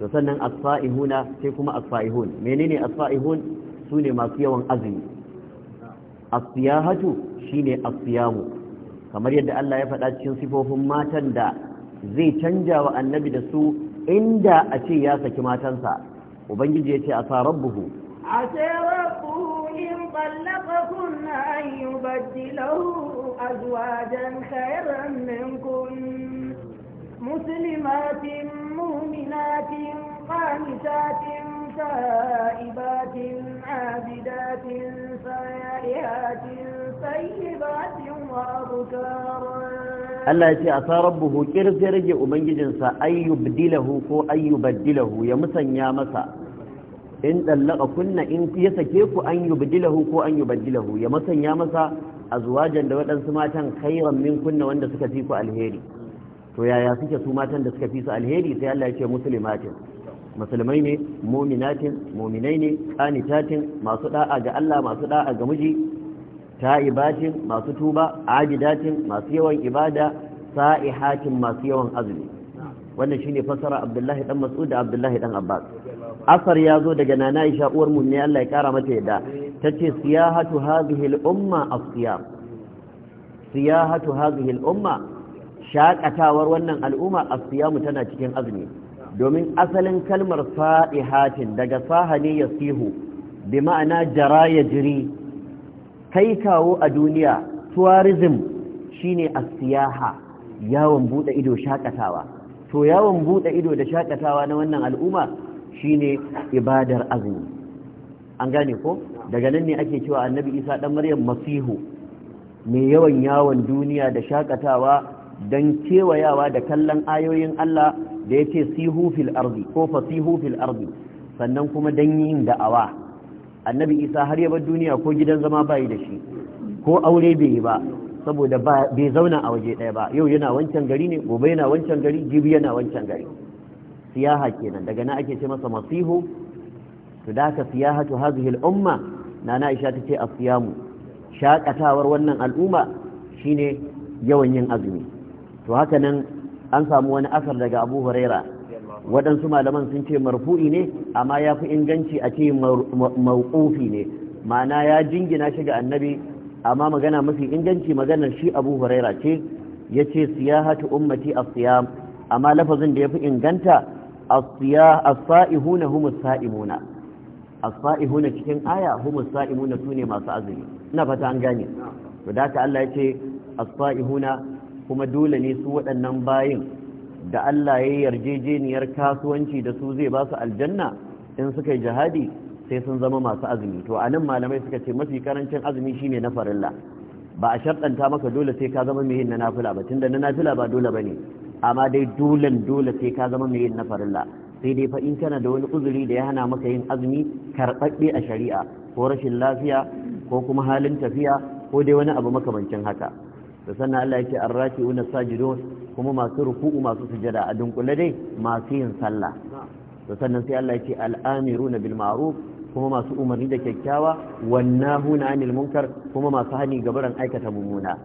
[SPEAKER 2] to sannan asfa'ihuna sai kuma asfa'ihun menene asfa'ihun su ne masu yawan azumi asiyahatu shine asiyamu kamar yadda Allah ya faɗa cikin sifofin matan da zai canja wa annabi da su inda a ce ya saki matansa ubangiji ya ce a sa rabbuhu
[SPEAKER 1] a ce rabbuhu in ballaka kunna an yubaddilahu azwajan khairan minkum muslimatin mu'minatin qanitatin تائبات عابدات سائحات طيبات وأبكارا
[SPEAKER 2] Allah ya ce a sa rabbuhu kirz ya rage ubangijinsa ayyubdilahu ko ayyubaddilahu ya musanya masa in dallaka kunna in ya sake ku an yi yubdilahu ko an yi yubaddilahu ya musanya masa a azwajan da waɗansu matan kairan min kunna wanda suka fi ku alheri to yaya suke su matan da suka fi su alheri sai Allah ya ce muslimatin musulmai ne muminatin muminai ne ƙanitatin masu da'a ga Allah masu da'a ga miji ta'ibatin masu tuba ajidatin masu yawan ibada sa'ihatin masu yawan azumi wannan shine fasara Abdullahi dan Mas'ud da Abdullahi dan Abbas asar ya zo daga nana Aisha uwar mu ne Allah ya kara mata yadda tace siyahatu hadhihi al-umma as-siyam siyahatu hadhihi al-umma shakatawar wannan al'umma as-siyam tana cikin azumi domin asalin kalmar fa'ihatin daga saha ne ya sihu bi ma'ana jara ya jiri kai kawo a duniya tourism shine asiyaha yawon buɗe ido shakatawa to yawon buɗe ido da shakatawa na wannan al'umma shine ibadar azumi an gane ko daga nan ne ake cewa annabi isa ɗan maryam masihu mai yawan yawon duniya da shakatawa don kewayawa da kallon ayoyin Allah da ya ce sihu fil ardi ko fasihu fil ardi sannan kuma don yin da'awa annabi isa har ya bar duniya ko gidan zama bayi da shi ko aure bai yi ba saboda bai zauna a waje ɗaya ba yau yana wancan gari ne gobe yana wancan gari jibi yana wancan gari siyaha kenan daga na ake ce masa masihu to da ka siyahatu hadhihi al-umma nana Aisha tace asiyamu shakatawar wannan al'umma shine yawan yin azumi to haka nan an samu wani asar daga abu huraira waɗansu malaman sun ce marfu'i ne amma ya fi inganci a ce mawqufi ne ma'ana ya jingina shi ga annabi amma magana mafi inganci maganar shi abu huraira ce ya ce hatu ummati as-siyam amma lafazin da ya fi inganta as na humus sa'imuna as-sa'ihuna cikin aya humus sa'imuna sune masu azumi ina fata an gane to da Allah ya ce as-sa'ihuna kuma dole ne su waɗannan bayin da Allah ya yarjejeniyar kasuwanci da su zai ba su aljanna in suka yi jihadi sai sun zama masu azumi to a nan malamai suka ce mafi karancin azumi shine na farilla ba a sharɗanta maka dole sai ka zama mai yin na nafila ba tunda na nafila ba dole ba ne. amma dai dole dole sai ka zama mai yin na farilla sai dai fa in kana da wani uzuri da ya hana maka yin azumi karɓaɓɓe a shari'a ko rashin lafiya ko kuma halin tafiya ko dai wani abu makamancin haka da sannan Allah yake arraki'una sajidun kuma masu ruku'u masu sujada a dunkule dai masu yin sallah da sannan sai Allah yake al'amiru bil bilmaru kuma masu umarni da kyakkyawa wannahuna 'anil munkar kuma masu hani gabaran aikata mummuna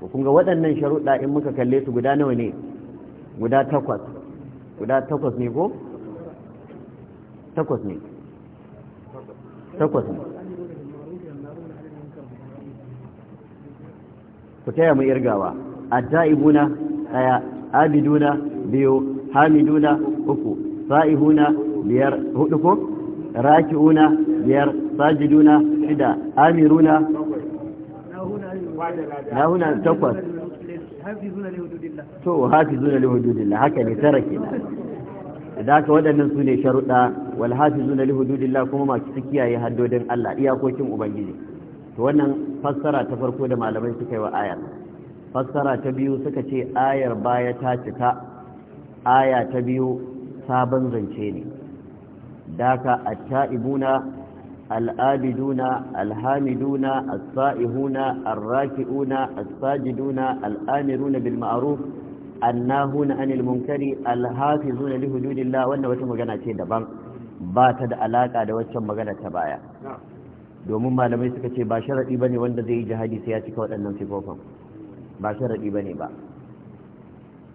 [SPEAKER 2] ku kun ga waɗannan sharuɗa in muka kalle su guda nawa ne guda takwas guda takwas ne ko takwas ne takwas ne ku taya mu irgawa adda'ibuna daya abiduna biyu hamiduna uku sa'ihuna biyar hudu ko raki'una biyar sajiduna shida amiruna nahuna takwas to hafizuna li hududillah haka ne tara kenan da haka waɗannan su ne sharuɗa wal hafizuna li hududillah kuma masu kiyaye haddodin Allah iyakokin ubangiji to wannan fassara ta farko da malamai suka yi wa ayar fassara ta biyu suka ce ayar baya ta cika aya ta biyu sabon zance ne daka atta'ibuna al'abiduna alhamiduna as-sa'ihuna ar-raki'una as-sajiduna al'amiruna bil ma'ruf annahuna 'anil munkari al-hafizuna li hududillah wannan wata magana ce daban ba ta da alaka da waccan magana ta baya domin malamai suka ce ba sharaɗi ba ne wanda zai yi jihadi sai ya cika waɗannan sifofin ba sharaɗi ba ne ba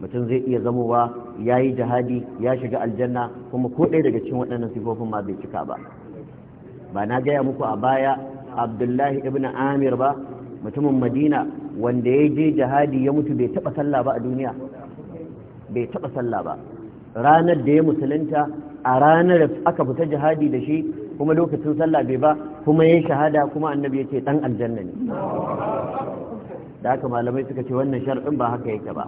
[SPEAKER 2] mutum zai iya zamowa ya yi jihadi ya shiga aljanna kuma ko ɗaya daga cikin waɗannan sifofin ma bai cika ba ba na gaya muku a baya abdullahi ibn amir ba mutumin madina wanda ya je jihadi ya mutu bai taɓa sallah ba a duniya bai taɓa sallah ba ranar da ya musulunta a ranar aka fita jihadi da shi kuma lokacin sallah bai ba kuma ya shahada kuma annabi ya ce dan aljanna ne da haka malamai suka ce wannan sharɗin ba haka yake ba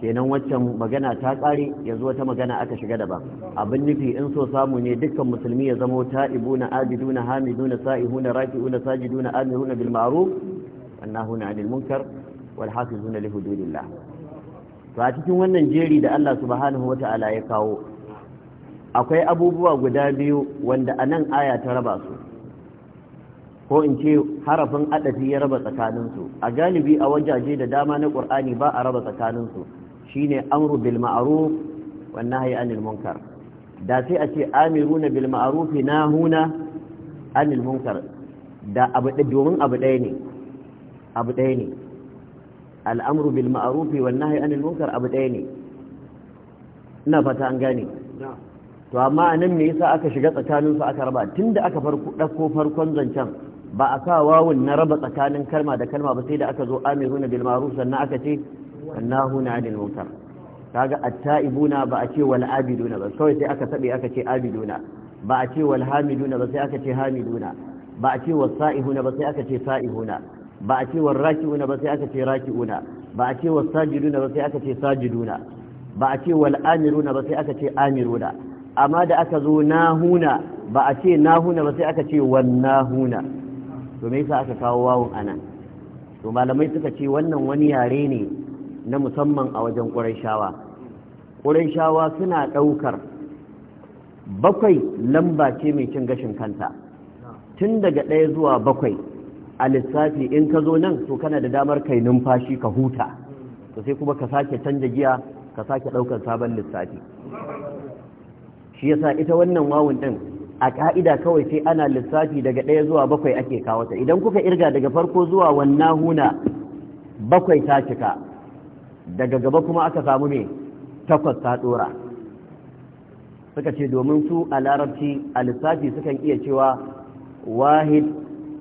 [SPEAKER 2] kenan waccan magana ta ƙare yanzu wata magana aka shiga da ba. abin nufi in so samu ne dukkan musulmi ya zamo ta'ibuna abiduna hamiduna sa'ihuna raki'una sajiduna amiruna bil ma'ruf annahuna 'anil munkar wal hafizuna li hududillah to a cikin wannan jeri da Allah subhanahu wata'ala ya kawo akwai abubuwa guda biyu wanda a nan aya ta raba su ko in ce harafin adafi ya raba tsakaninsu a galibi a wajaje da dama na ƙur'ani ba a raba tsakaninsu shine amru bil ma'ruf wan nahyi anil munkar da sai a ce amiruna bil ma'ruf nahuna anil munkar da abu domin abu ɗaya ne abu ɗaya ne al'amru bil ma'ruf wan nahyi anil munkar abu ɗaya ne ina fata an gane to amma anan me yasa aka shiga tsakanin su aka raba tunda aka farko dauko farkon zancen ba a sa wawun na raba tsakanin kalma da kalma ba sai da aka zo amiruna bil ma'ruf sannan aka ce annahuna anil munkar kaga attaibuna ba a ce wal abiduna ba sai sai aka sabe aka ce abiduna ba a ce wal hamiduna ba sai aka ce hamiduna ba a ce was sa'ihuna ba sai aka ce sa'ihuna ba a ce war raki'una ba sai aka ce raki'una ba a ce was sajiduna ba sai aka ce sajiduna ba a ce wal amiruna ba sai aka ce amiruna amma da aka zo nahuna ba a ce nahuna ba sai aka ce nahuna to me yasa aka kawo wawun anan to malamai suka ce wannan wani yare ne na musamman a wajen ƙurayshawa ƙurayshawa suna ɗaukar bakwai lamba ce mai cin gashin kanta tun daga ɗaya zuwa bakwai a lissafi in ka zo nan to kana da damar kai numfashi ka huta to sai kuma ka sake canja giya ka sake ɗaukar sabon lissafi shi yasa ita wannan wawun din a ka'ida kawai sai ana lissafi daga ɗaya zuwa bakwai ake kawo ta idan kuka irga daga farko zuwa wannan huna bakwai ta cika daga gaba kuma aka samu me takwas ta dora suka ce domin su a larabci a lissafi sukan iya cewa wahid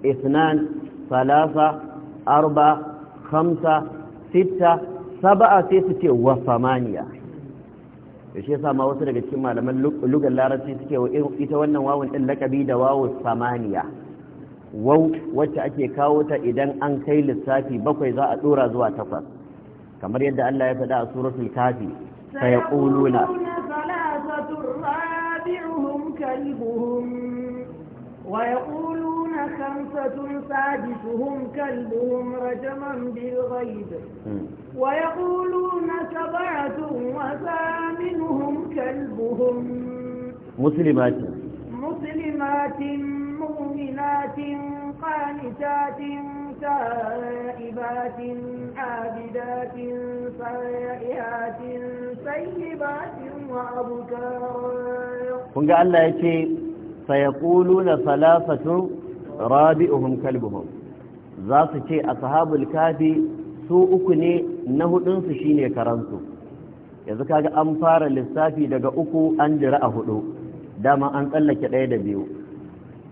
[SPEAKER 2] isnan salasa arba khamsa sitta saba'a sai su ce wa samaniya da shi yasa ma wasu daga cikin malaman lugar larabci suke ita wannan wawun din lakabi da wawu samaniya wau wacce ake kawo ta idan an kai lissafi bakwai za a dora zuwa takwas kamar yadda Allah ya faɗa a suratul kafi sayaquluna
[SPEAKER 1] ثلاثة رابعهم ويقولون خمسة سادسهم كلبهم رجما بالغيب ويقولون سبعة وثامنهم كلبهم مسلمات مسلمات مؤمنات قانتات تائبات عابدات سائحات سيبات وأبكار
[SPEAKER 2] كنت الله يتي sayaquluna salasatu rabi'uhum kalbuhum za su ce ashabul kafi su uku ne na hudun shine yanzu kaga an fara lissafi daga uku an jira a hudu dama an tsallake ɗaya da biyu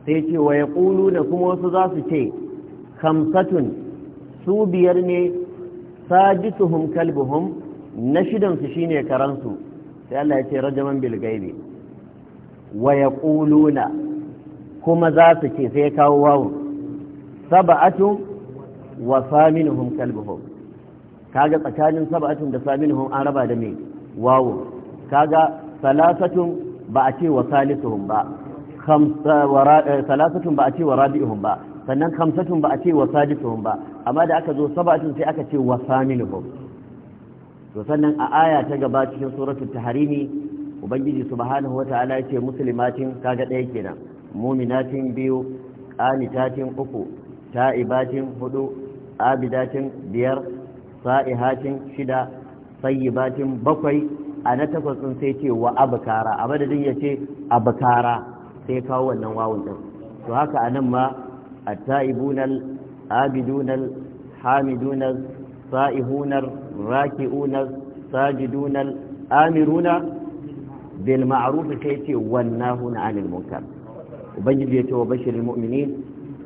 [SPEAKER 2] sai ce wa yaquluna kuma wasu za su ce Kamsatun su biyar ne sajituhum Buhum na shidansu shine karansu sai Allah ya ce rajaman bil gaibi wa ƙuluna kuma za su ce sai kawo wawo saba'atun wa saminuhum kalbuhum kaga tsakanin saba'atun da saminuhum an raba da mai wawo kaga salasatun ba a ce wa salisuhun ba eh, salasatun ba a ce wa rabi'uhum ba sannan kamsatun ba a ce wa salisuhun ba amma da aka zo saba'atun sai aka ce wa saminuhum to sannan a aya ta gaba cikin suratul tahrimi ubangiji subhanahu wata'ala ya ce muslimatin kaga ɗaya kenan muminatin biyu qanitatin uku ta'ibatin hudu abidatin biyar sa'ihatin shida sayyibatin bakwai a na takwas ɗin sai ce wa abkara a madadin ya ce abkara sai kawo wannan wawun ɗin to haka anan ma at-ta'ibuna al-abiduna al-hamiduna as-sa'ihuna ar-raki'una as-sajiduna al-amiruna بالمعروف كيتي ونهون عن المنكر وبجد يتوبشر المؤمنين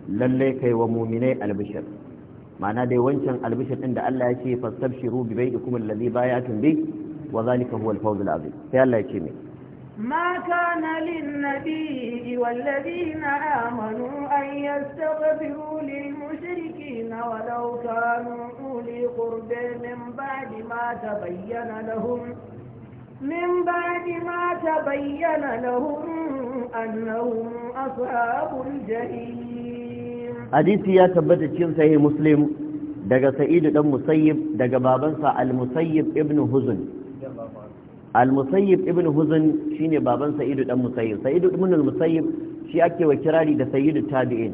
[SPEAKER 2] للليك ومؤمني البشر معنى دي وانشان البشر عند الله يشي فاستبشروا ببيتكم الذي بايعتم به وذلك هو الفوز العظيم في الله يشي
[SPEAKER 1] ما كان للنبي والذين آمنوا أن يستغفروا للمشركين ولو كانوا أولي قربة من بعد ما تبين لهم من بعد ما تبين لهم أنهم أصحاب الجحيم
[SPEAKER 2] حديث يا تبت cikin sahih muslim daga sa'id dan musayyib daga babansa al-musayyib ibn huzn al-musayyib ibn huzn shine baban sa'id dan musayyib shi ake wa kirari da sayyid tabi'in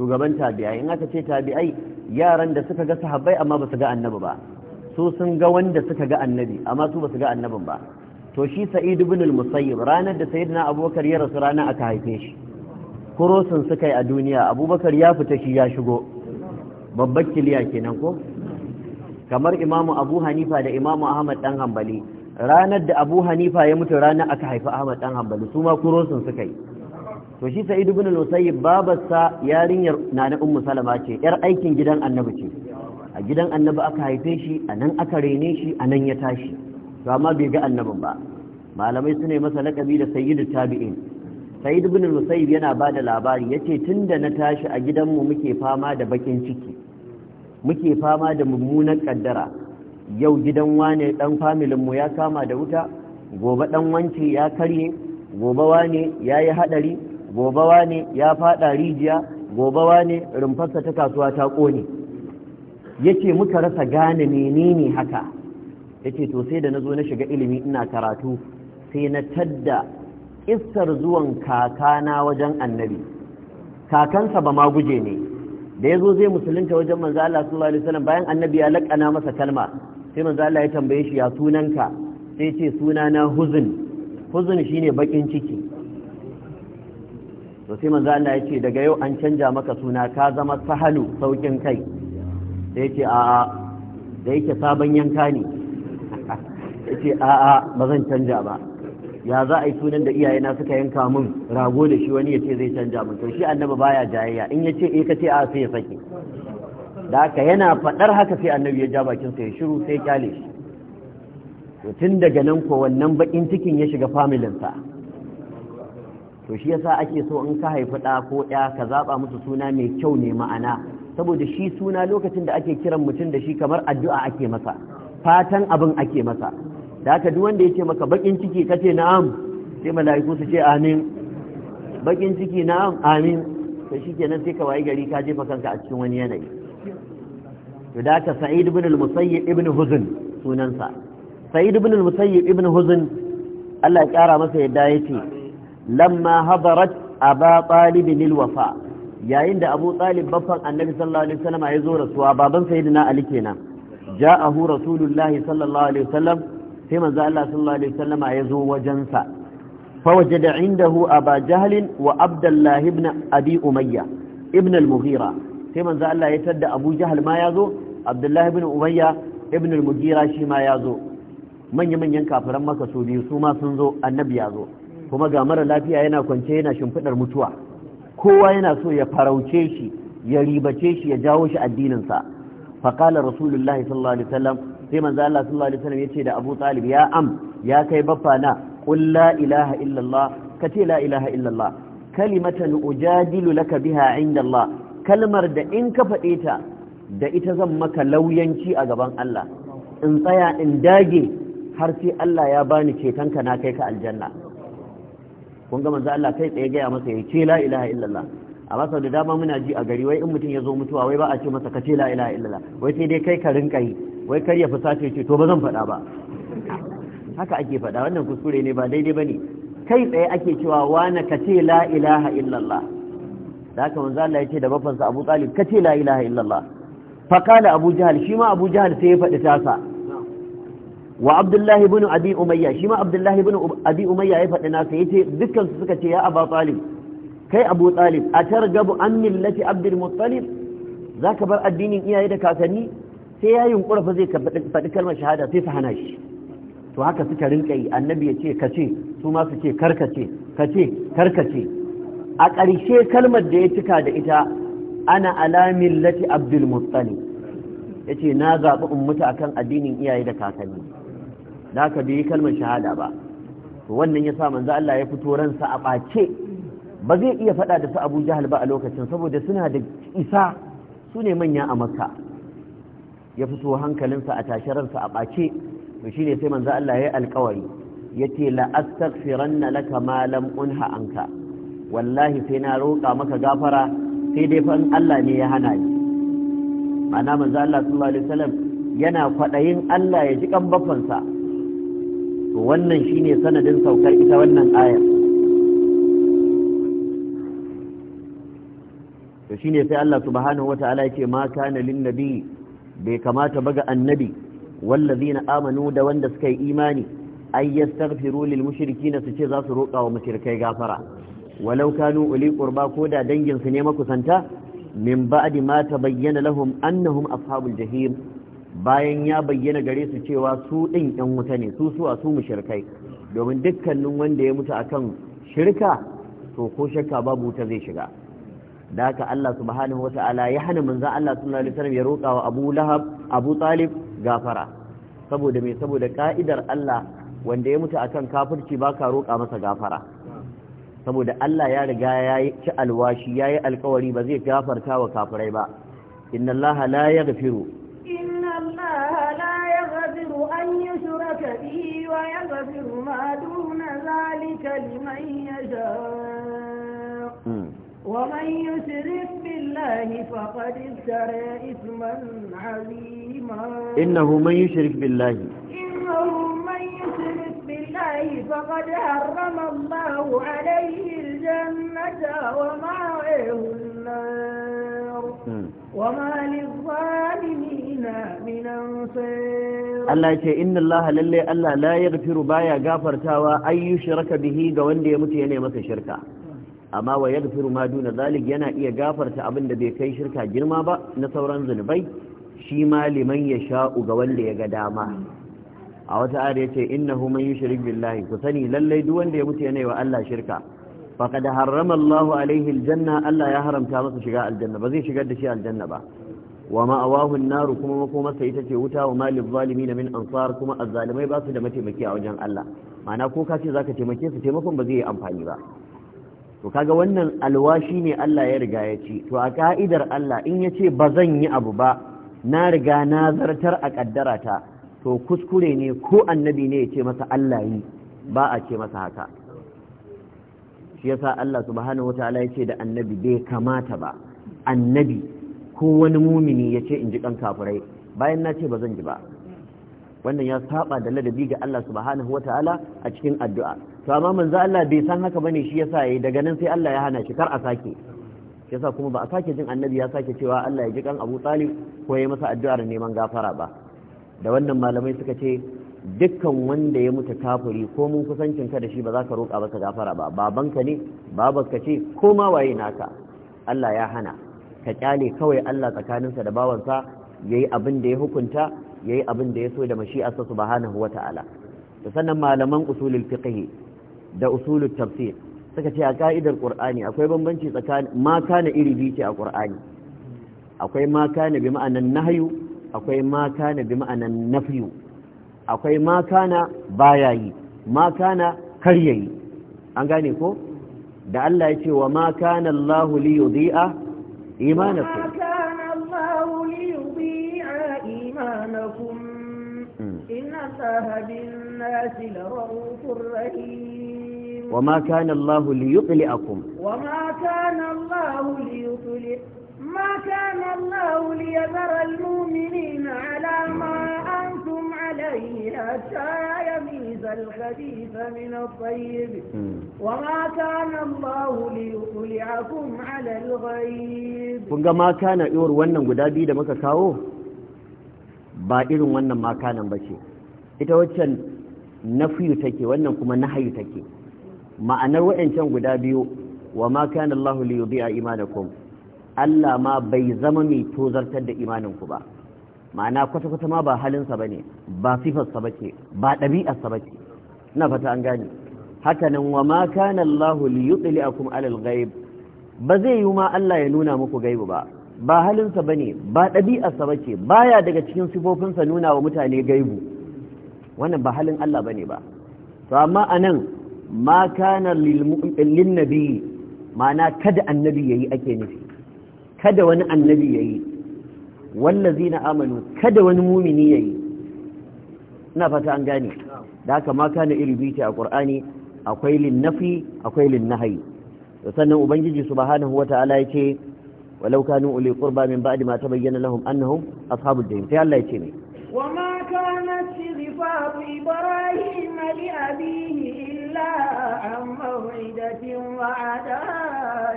[SPEAKER 2] shugaban tabi'ai in aka ce tabi'ai yaran da suka ga sahabbai amma ba su ga annabi ba su sun ga wanda suka ga annabi amma su basu ga annabin ba to shi sa'id ibn al-musayyib ranar da sayyidina abubakar ya rasu rana aka haife shi kurosin suka yi a duniya abubakar ya fita shi ya shigo babbar kiliya kenan ko kamar imamu abu hanifa da imamu ahmad dan hanbali ranar da abu hanifa ya mutu ranar aka haifi ahmad dan hanbali su ma kurosin suka yi to shi sa'id ibn al-musayyib babarsa yarinyar nana ummu salama ce yar aikin gidan annabi ce a gidan annaba aka haife shi a nan aka rene shi a nan ya tashi to amma bai ga annabin ba malamai su ne masa laƙabi da sayyidu tabi'in sayyid bin musayib yana ba da labari yace da na tashi a gidanmu muke fama da bakin ciki muke fama da mummunan kaddara yau gidan wane dan familin mu ya kama da wuta gobe dan wance ya karye gobe wane ya yi hadari gobe wane ya fada rijiya gobe wane rumfarsa ta kasuwa ta kone yace muka rasa gane menene haka yace to sai da nazo na shiga ilimi ina karatu sai na tadda kissar zuwan kakana wajen annabi kakansa ba ma guje ne da ya zo zai musulunta wajen manzo Allah sallallahu alaihi wasallam bayan annabi ya lakana masa kalma sai manzo Allah ya tambaye shi ya sunanka sai ce sunana huzun huzun shine bakin ciki to sai manzo Allah ya ce daga yau an canja maka suna ka zama sahalu saukin kai sai ce a'a da yake sabon yanka ne ya ce a'a ba zan canja ba ya za a yi sunan da iyayena suka yanka min rago da shi wani ya ce zai canja min to shi annabi baya jayayya in ya ce eh ka ce a sai ya sake da aka yana faɗar haka sai annabi ya ja bakin sa ya shiru sai ya kyale shi to tun daga nan ko wannan bakin cikin ya shiga familin sa to shi yasa ake so in ka haifi ɗa ko ɗa ka zaba musu suna mai kyau ne ma'ana saboda shi suna lokacin da ake kiran mutum da shi kamar addu'a ake masa fatan abin ake masa da aka duk wanda yake maka bakin ciki kace na'am sai mala'iku su ce amin bakin ciki na'am amin ke nan sai ka wayi gari ka jefa kanka a cikin wani yanayi to da ka sa'id ibn al-musayyib ibn huzn sunansa sa'id ibn al-musayyib ibn huzn Allah ya kara masa yadda yace lamma hadarat aba talib lil wafa' yayin da Abu Talib baffan Annabi sallallahu alaihi wasallam ya zo rasuwa baban sayyidina Ali kenan ja'ahu rasulullahi sallallahu alaihi wasallam sai manzo Allah sallallahu alaihi wasallam ya zo sa fa wajada indahu Aba Jahl wa Abdullah ibn Abi Umayya ibn al-Mughira sai manzo Allah ya tadda Abu Jahl ma ya zo Abdullah ibn Umayya ibn al-Mughira shi ma ya zo manya-manyan kafiran maka su biyu su ma sun zo annabi ya zo kuma ga mara lafiya yana kwance yana shimfidar mutuwa kowa yana so ya farauce shi ya ribace shi ya jawo shi addininsa faƙalar rasulullahi sallallahu alaihi wasallam sai manzo Allah sallallahu alaihi wasallam yace da Abu Talib ya am ya kai baffa na qul la ilaha illallah kace la ilaha illallah kalimatan ujadilu laka biha inda Allah kalmar da in ka faɗe ta da ita zan maka lauyanci a gaban Allah in tsaya in dage har sai Allah ya bani cetonka na kai ka aljanna kun ga manzo Allah kai tsaye gaya masa ya ce la ilaha illallah amma sau da dama muna ji a gari wai in mutum ya zo mutuwa wai ba a ce masa ka ce la ilaha illallah wai sai dai kai ka rinka yi wai kar ya fusace ce to ba zan faɗa ba haka ake faɗa wannan kuskure ne ba daidai bane kai tsaye ake cewa wani ka ce la ilaha illallah da haka manzo Allah ya ce da bafansa Abu Talib ka ce la ilaha illallah fa qala Abu Jahal shi ma Abu Jahal sai ya faɗi tasa wa abdullahi ibn abi umayya shi ma abdullahi ibn abi umayya ya faɗi nasa yace dukkan su suka ce ya aba talib kai abu talib a targabu an millati abdul muttalib zaka bar addinin iyaye da kakanni sai ya yunkura fa zai faɗi kalmar shahada sai su hana shi to haka suka rinka yi annabi ya ce kace su ma su ce karkace karkace a ƙarshe kalmar da ya cika da ita ana ala millati abdul muttalib yace na zaɓi ummata akan addinin iyaye da kakanni da aka bi kalmar shahada ba to wannan ya sa manzo Allah ya fito ransa a ɓace ba zai iya faɗa da su Abu Jahal ba a lokacin saboda suna da isa su ne manya a Makka ya fito hankalinsa a tashi ransa a ɓace to shine sai manzo Allah ya yi alƙawari yace la astaghfiranna laka ma lam unha anka wallahi sai na roƙa maka gafara sai dai fa Allah ne ya hana ni ma'ana manzo Allah sallallahu alaihi wasallam yana kwaɗayin Allah ya ji kan bafansa to wannan shine sanadin saukar ita wannan ayar to shine sai Allah subhanahu wata'ala yake ma kana lin nabi bai kamata ba ga annabi wallazina amanu da wanda suka yi imani ay yastaghfiru lil mushrikina su ce za su roƙa wa mushrikai gafara walau kanu uli qurba ko da dangin su ne makusanta min ba'di ma tabayyana lahum annahum ashabul jahim bayan ya bayyana gare su cewa su ɗin ‘yan wuta ne su suwa su mushirkai domin dukkanin wanda ya mutu akan shirka to ko shakka babu wuta zai shiga da haka Allah subhanahu wata'ala ya hana manzo Allah sallallahu alaihi wasallam ya roƙa wa Abu Lahab Abu Talib gafara saboda me saboda ka'idar Allah wanda ya mutu akan kafirci ba ka roƙa masa gafara saboda Allah ya riga ya ci alwashi ya yi alkawari ba zai gafarta wa kafirai ba inna Allah la yaghfiru
[SPEAKER 1] ذلك لمن يشاء ومن يشرك بالله فقد افترى إثما عظيما إنه
[SPEAKER 2] من يشرك بالله
[SPEAKER 1] إنه من يشرك بالله فقد حرم الله عليه الجنة ومعه النار وما للظالمين
[SPEAKER 2] Allah ce inna Allah lalle Allah la yaghfiru baya gafartawa ayyu shiraka bihi ga wanda ya mutu yana masa shirka amma wa yaghfiru ma duna zalik yana iya gafarta abin da bai kai shirka girma ba na sauran zunubai shi ma liman yasha'u ga wanda ya ga dama a wata ayar ce inna man yushrik billahi ku sani lalle duk wanda ya mutu yana wa Allah shirka da harrama Allahu alaihi janna Allah ya haramta masa shiga aljanna ba zai shigar da shi aljanna ba wa ma'awahu naru kuma makomarsa ita ce wuta wa malil zalimin min ansar kuma azzalimai ba su da mataimaki a wajen Allah mana ko ka ce zaka taimake su taimakon ba zai yi amfani ba to kaga wannan alwashi ne Allah ya riga ya ci to a ka'idar Allah in ya ce ba zan yi abu ba na riga na zartar a kaddara ta to kuskure ne ko annabi ne ya ce masa Allah yi ba a ce masa haka shi yasa Allah subhanahu wataala ya ce da annabi bai kamata ba annabi ko wani mumini ya ce in ji ɗan kafirai bayan na ce ba zan ji ba wannan ya saba da ladabi ga Allah subhanahu ta'ala a cikin addu'a to amma manzo Allah bai san haka bane shi yasa yayi daga nan sai Allah ya hana shi kar a sake yasa kuma ba a sake jin annabi ya sake cewa Allah ya ji kan Abu Talib ko ya masa addu'ar neman gafara ba da wannan malamai suka ce dukkan wanda ya mutu kafiri ko mun kusancin ka da shi ba za ka roƙa ba ka gafara ba babanka ne babanka ce ko ma waye naka Allah ya hana ka kyale kawai Allah tsakaninsa da bawansa yayi abin da ya hukunta yayi abin da ya so da mashi'arsa wa ta'ala. da sannan malaman usulul fiqh da usulul tafsir suka ce a ka'idar qur'ani akwai bambanci tsakanin ma kana iri biyu ce a qur'ani akwai ma kana bi ma'anan nahyu akwai ma kana bi ma'anan nafyu akwai ma kana baya yi ma kana karyayi an gane ko da Allah ya ce wa ma kana Allah li yudhi'a إيمانكم وما
[SPEAKER 1] كان الله ليضيع إيمانكم إن الله بالناس لرؤوف رحيم
[SPEAKER 2] وما كان الله ليطلئكم
[SPEAKER 1] وما كان الله ليطلئ ما كان الله ليذر المؤمنين على ما أنتم عليه حتى يميز الخبيث من الطيب وما كان الله ليطلعكم على الغيب
[SPEAKER 2] كنغا ما كان يور wannan guda biyu da muka kawo ba irin wannan ma kanan bace ita waccan nafiyu take wannan kuma nahayu take ma'anar wa'ancan guda biyu wa ma kana Allah li yudhi'a imanakum Allah ma bai zama mai tozartar da imaninku ba ma'ana kwata-kwata ma ba halinsa ba ne ba sifarsa ba ce ba ɗabi'arsa ba ce ina fata an gane haka nan wa ma kana Allahu li yudli'akum alal ghaib ba zai yi ma Allah ya nuna muku gaibu ba ba halinsa bane ba ɗabi'arsa bace baya daga cikin sifofinsa nuna wa mutane gaibu wannan ba halin Allah bane ba to amma anan ma kana lin nabi ma'ana kada annabi yayi ake nufi kada wani annabi yayi na Amadu kada wani mumini yi. ina fata an gane da haka maka na iri ce a ƙur'ani akwai linnafi akwai linnahyi to sannan ubangiji subhanahu wataala yace walau kanu uli qurba min ba'di ma tabayyana lahum annahum da dayn sai Allah ce ne
[SPEAKER 1] wama kanat sifatu ibrahim li abihi illa an maw'idatin wa'ada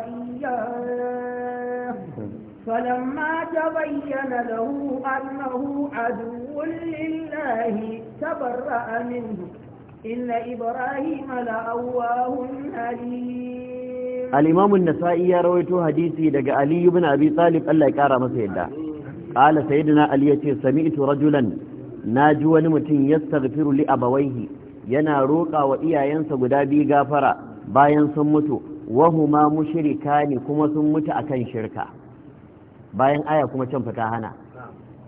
[SPEAKER 1] iyyahu فلما تبين له أنه عدو لله تبرأ منه إن إبراهيم لأواه أليم
[SPEAKER 2] الإمام النسائي يروي حديثي دق علي بن أبي طالب الله يكرمه سيدا قال سيدنا علي سمعت رجلا ناجوا لمتين يستغفر لأبويه yana roƙa wa iyayensa guda biyu gafara bayan sun mutu wahuma mushrikani kuma sun mutu akan shirka bayan aya kuma can fita hana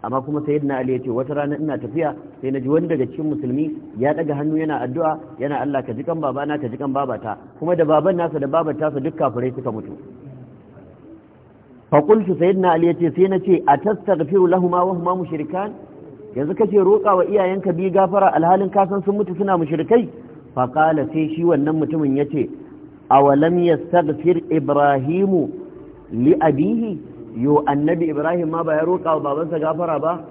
[SPEAKER 2] amma kuma sayyidina ali ce, wata rana ina tafiya sai na ji wani daga cikin musulmi ya daga hannu yana addu'a yana Allah ka ji kan na, ka ji kan ta kuma da baban nasa da babar tasa duk kafirai suka mutu fa qultu sayyidina ali ce, sai na nace atastaghfiru lahumu wa huma mushrikan yanzu kace roƙa wa iyayenka bi gafara alhalin ka san sun mutu suna mushrikai fa sai shi wannan mutumin yace awalam yastaghfir ibrahimu li abihi yo annabi ibrahim ma ba ya roƙa wa babansa gafara ba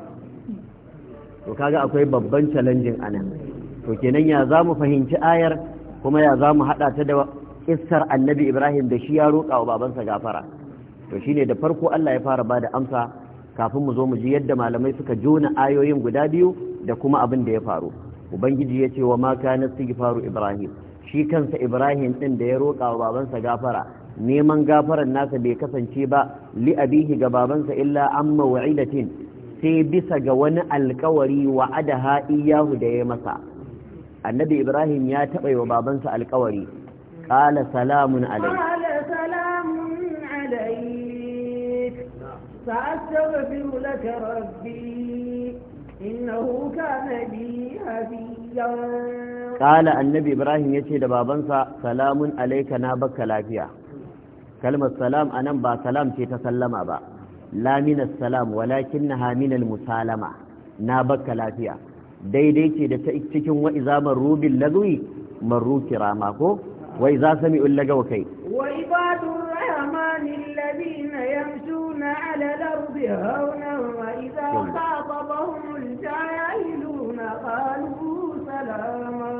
[SPEAKER 2] to kaga akwai babban challenging anan to kenan ya za mu fahimci ayar kuma ya za mu haɗa ta da kissar annabi ibrahim da shi ya roƙa wa babansa gafara to shine da farko allah ya fara bada amsa kafin mu zo mu ji yadda malamai suka jona ayoyin guda biyu da kuma abin da ya faru ubangiji ya ce wa ma kana faru ibrahim shi kansa ibrahim din da ya roƙa wa babansa gafara neman gafaran nasa bai kasance ba li abihi ga babansa illa an maw'idatin sai bisa ga wani alkawari wa'adaha iyahu da ya masa annabi ibrahim ya taɓa wa babansa alkawari qala salamun alayk
[SPEAKER 1] سأستغفر لك ربي إنه كان بي هفيا قال
[SPEAKER 2] النبي إبراهيم يتي لبابنسا سلام عليك نابك لافيا kalmar salam a nan ba salam ce ta sallama ba lamina salam walakin na haminal musalama na bakka lafiya daidai ce da ta cikin wa'iza marrubin lagwi marru kirama ko wa'iza sami'un lagawa kai
[SPEAKER 1] وعباد الرحمن الذين يمشون على الأرض هونا وإذا خاطبهم الجاهلون قالوا سلاما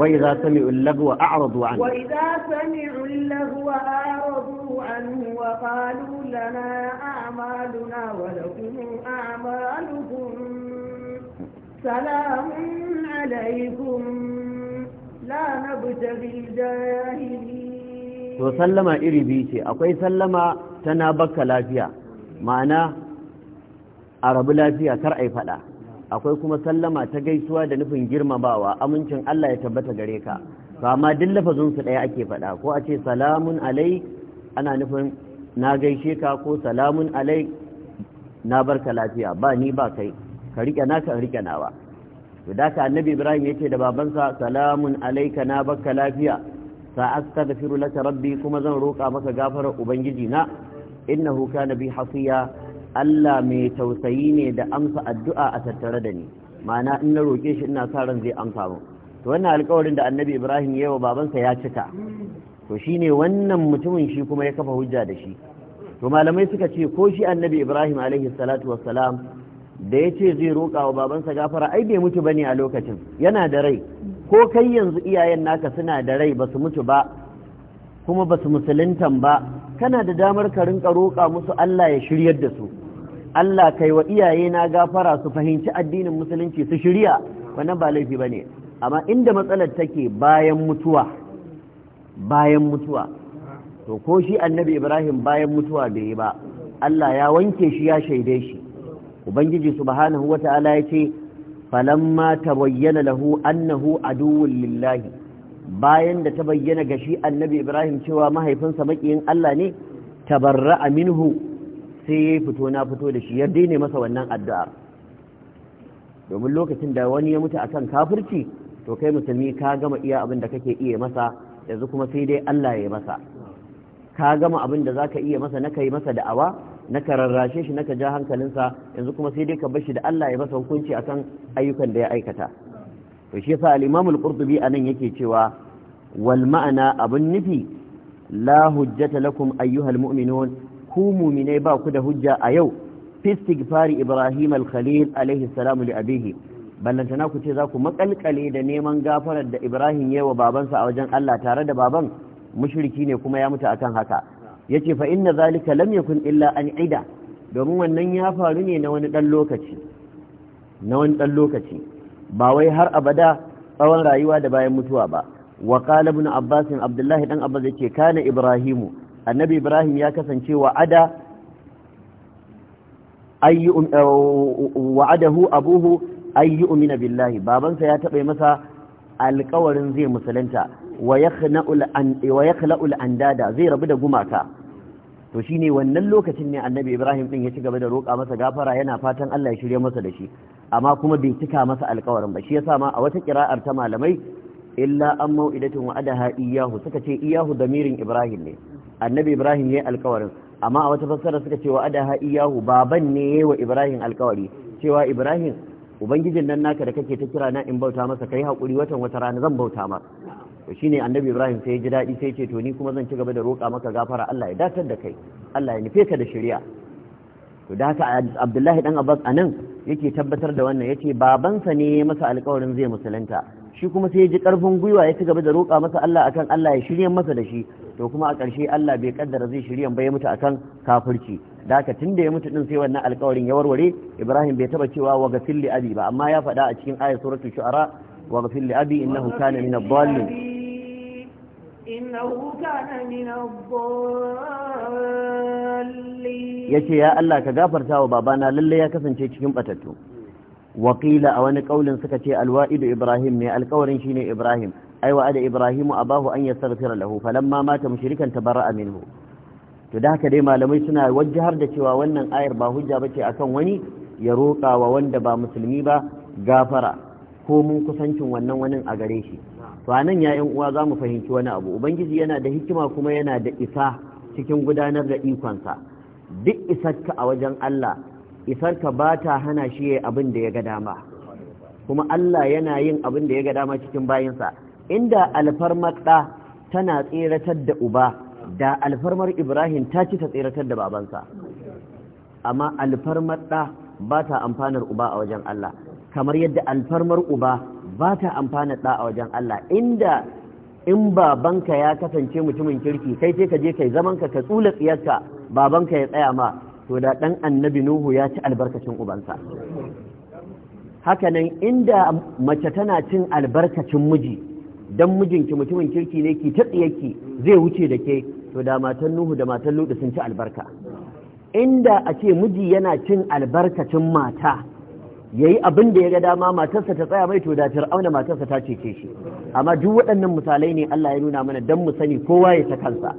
[SPEAKER 1] وإذا سمعوا
[SPEAKER 2] اللغو أعرضوا عنه
[SPEAKER 1] وإذا سمعوا اللغو أعرضوا وقالوا لنا أعمالنا ولكم أعمالكم سلام عليكم لا نبتغي الجاهلين
[SPEAKER 2] وسلم إري بيتي أقوي سلم تنابك لافيا معنى أرب لافيا كرأي فلا akwai kuma sallama ta gaisuwa da nufin girmamawa amincin Allah ya tabbata gare ka ba ma duk lafazin su daya ake faɗa ko a ce salamun alai ana nufin na gaishe ka ko salamun alai na barka lafiya ba ni ba kai ka rike na ka rike nawa to da ka annabi ibrahim yace da babansa salamun alaika na barka lafiya sa astaghfiru laka rabbi kuma zan roka maka gafarar ubangiji na innahu kana bi hafiya Allah mai tausayi ne da amsa addu'a a tattare da ni ma'ana in na roke shi ina sa ran zai amsa mu to wannan alƙawarin da annabi ibrahim ya yi wa babansa ya cika to shi ne wannan mutumin shi kuma ya kafa hujja da shi to malamai suka ce ko shi annabi ibrahim alaihi salatu wassalam da ya ce zai roƙa wa babansa gafara ai bai mutu bane a lokacin yana da rai ko kai yanzu iyayen naka suna da rai ba su mutu ba kuma ba su musuluntan ba kana da damar ka rinka roƙa musu Allah ya shiryar da su Allah kai wa iyaye na gafara su fahimci addinin musulunci su shirya wannan ba laifi bane amma inda matsalar take bayan mutuwa bayan mutuwa to ko shi annabi ibrahim bayan mutuwa da yi ba Allah ya wanke shi ya shaide shi ubangiji subhanahu wata'ala ya ce falamma bayyana lahu annahu aduwwul lillahi bayan da ta bayyana ga shi annabi ibrahim cewa mahaifinsa makiyin Allah ne tabarra'a minhu sai ya fito na fito da shi ya daina masa wannan addu'a domin lokacin da wani ya mutu akan kafirci to kai musulmi ka gama iya abin da kake iya masa yanzu kuma sai dai Allah ya masa ka gama abin da zaka iya masa naka yi masa da'awa naka rarrashe shi naka ja hankalinsa yanzu kuma sai dai ka bar shi da Allah ya masa hukunci akan ayyukan da ya aikata to shi yasa al-Imam al-Qurtubi anan yake cewa wal ma'ana abun nufi la hujjata lakum ayyuhal mu'minun ku mu'minai ba ku da hujja a yau fi istighfari Ibrahim al-Khalil alaihi li abihi ballantana ku ce za ku makalkale da neman gafarar da Ibrahim yi wa babansa a wajen Allah tare da baban mushriki ne kuma ya mutu akan haka yace fa inna zalika lam yakun illa an ida domin wannan ya faru ne na wani dan lokaci na wani dan lokaci ba wai har abada tsawon rayuwa da bayan mutuwa ba wa qala ibn abbas abdullahi dan abbas yace kana ibrahimu annabi ibrahim ya kasance wa ada wa'adahu abuhu ay yu'mina billahi babansa ya taɓa masa alƙawarin zai musulunta wa yakhla'ul andada zai rabu da gumaka to shine wannan lokacin ne annabi Ibrahim ɗin ya ci gaba da roƙa masa gafara yana fatan Allah ya shirya masa da shi amma kuma bai cika masa alƙawarin ba shi yasa ma a wata kira'ar ta malamai illa an mau'idatin adaha iyahu suka ce iyahu damirin Ibrahim ne annabi Ibrahim yayi alkawarin, amma a wata fassara suka ce adaha iyahu baban ne yi wa Ibrahim alkawari cewa Ibrahim ubangijin nan naka da kake ta kira na in bauta masa kai haƙuri watan wata rana zan bauta ma to ne annabi ibrahim sai ya ji daɗi sai ce to ni kuma zan ci gaba da roƙa maka gafara allah ya datar da kai allah ya nufe ka da shari'a to da haka abdullahi dan abbas anan yake tabbatar da wannan yace babansa ne masa alƙawarin zai musulunta shi kuma sai ya ji ƙarfin gwiwa ya ci gaba da roƙa masa Allah akan Allah ya shirye masa da shi to kuma a ƙarshe Allah bai kaddara zai shirye ba ya mutu akan kafirci da haka tunda ya mutu din sai wannan alƙawarin ya warware Ibrahim bai taba cewa wa gafil li abi ba amma ya faɗa a cikin ayat suratul shu'ara wa gafil li abi innahu kana min ad-dallin
[SPEAKER 1] innahu kana min ad-dallin yace ya
[SPEAKER 2] Allah ka gafarta wa babana lalle ya kasance cikin batattu wakila a wani kaulin suka ce alwa'idu ibrahim mai alkawarin shine ibrahim ai da ibrahimu abahu an yastaghfira lahu falamma mata mushrikan tabarra'a minhu to da haka dai malamai suna wajjahar da cewa wannan ayar ba hujja bace akan wani ya roƙa wa wanda ba musulmi ba gafara ko mun kusancin wannan wani a gare shi to anan ya yan uwa zamu fahimci wani abu ubangiji yana da hikima kuma yana da isa cikin gudanar da ikonsa duk isarka a wajen Allah isarka ba ta hana shi ya abin da ya ga dama kuma Allah yana yin abin da ya ga dama cikin bayinsa inda alfarmar ɗa tana tseratar da uba da alfarmar ibrahim ta ci ta tseratar da babansa amma alfarmar ɗa ba ta amfanar uba a wajen Allah kamar yadda alfarmar uba ba ta amfanar ɗa a wajen Allah inda in babanka ya kasance mutumin kirki kai sai ka je kai zamanka ka tsula tsiyarka babanka ya tsaya ma to da dan annabi nuhu ya ci albarkacin ubansa hakanan inda mace tana cin albarkacin miji don mijinki mutumin kirki ne ki tatsiyarki zai wuce da ke to da matan nuhu da matan ludi sun ci albarka inda a ce miji yana cin albarkacin mata yayi abin da ya ga dama matarsa ta tsaya mai to da fir'auna matarsa ta cece shi amma duk waɗannan misalai ne Allah ya nuna mana don mu sani kowa ya ta kansa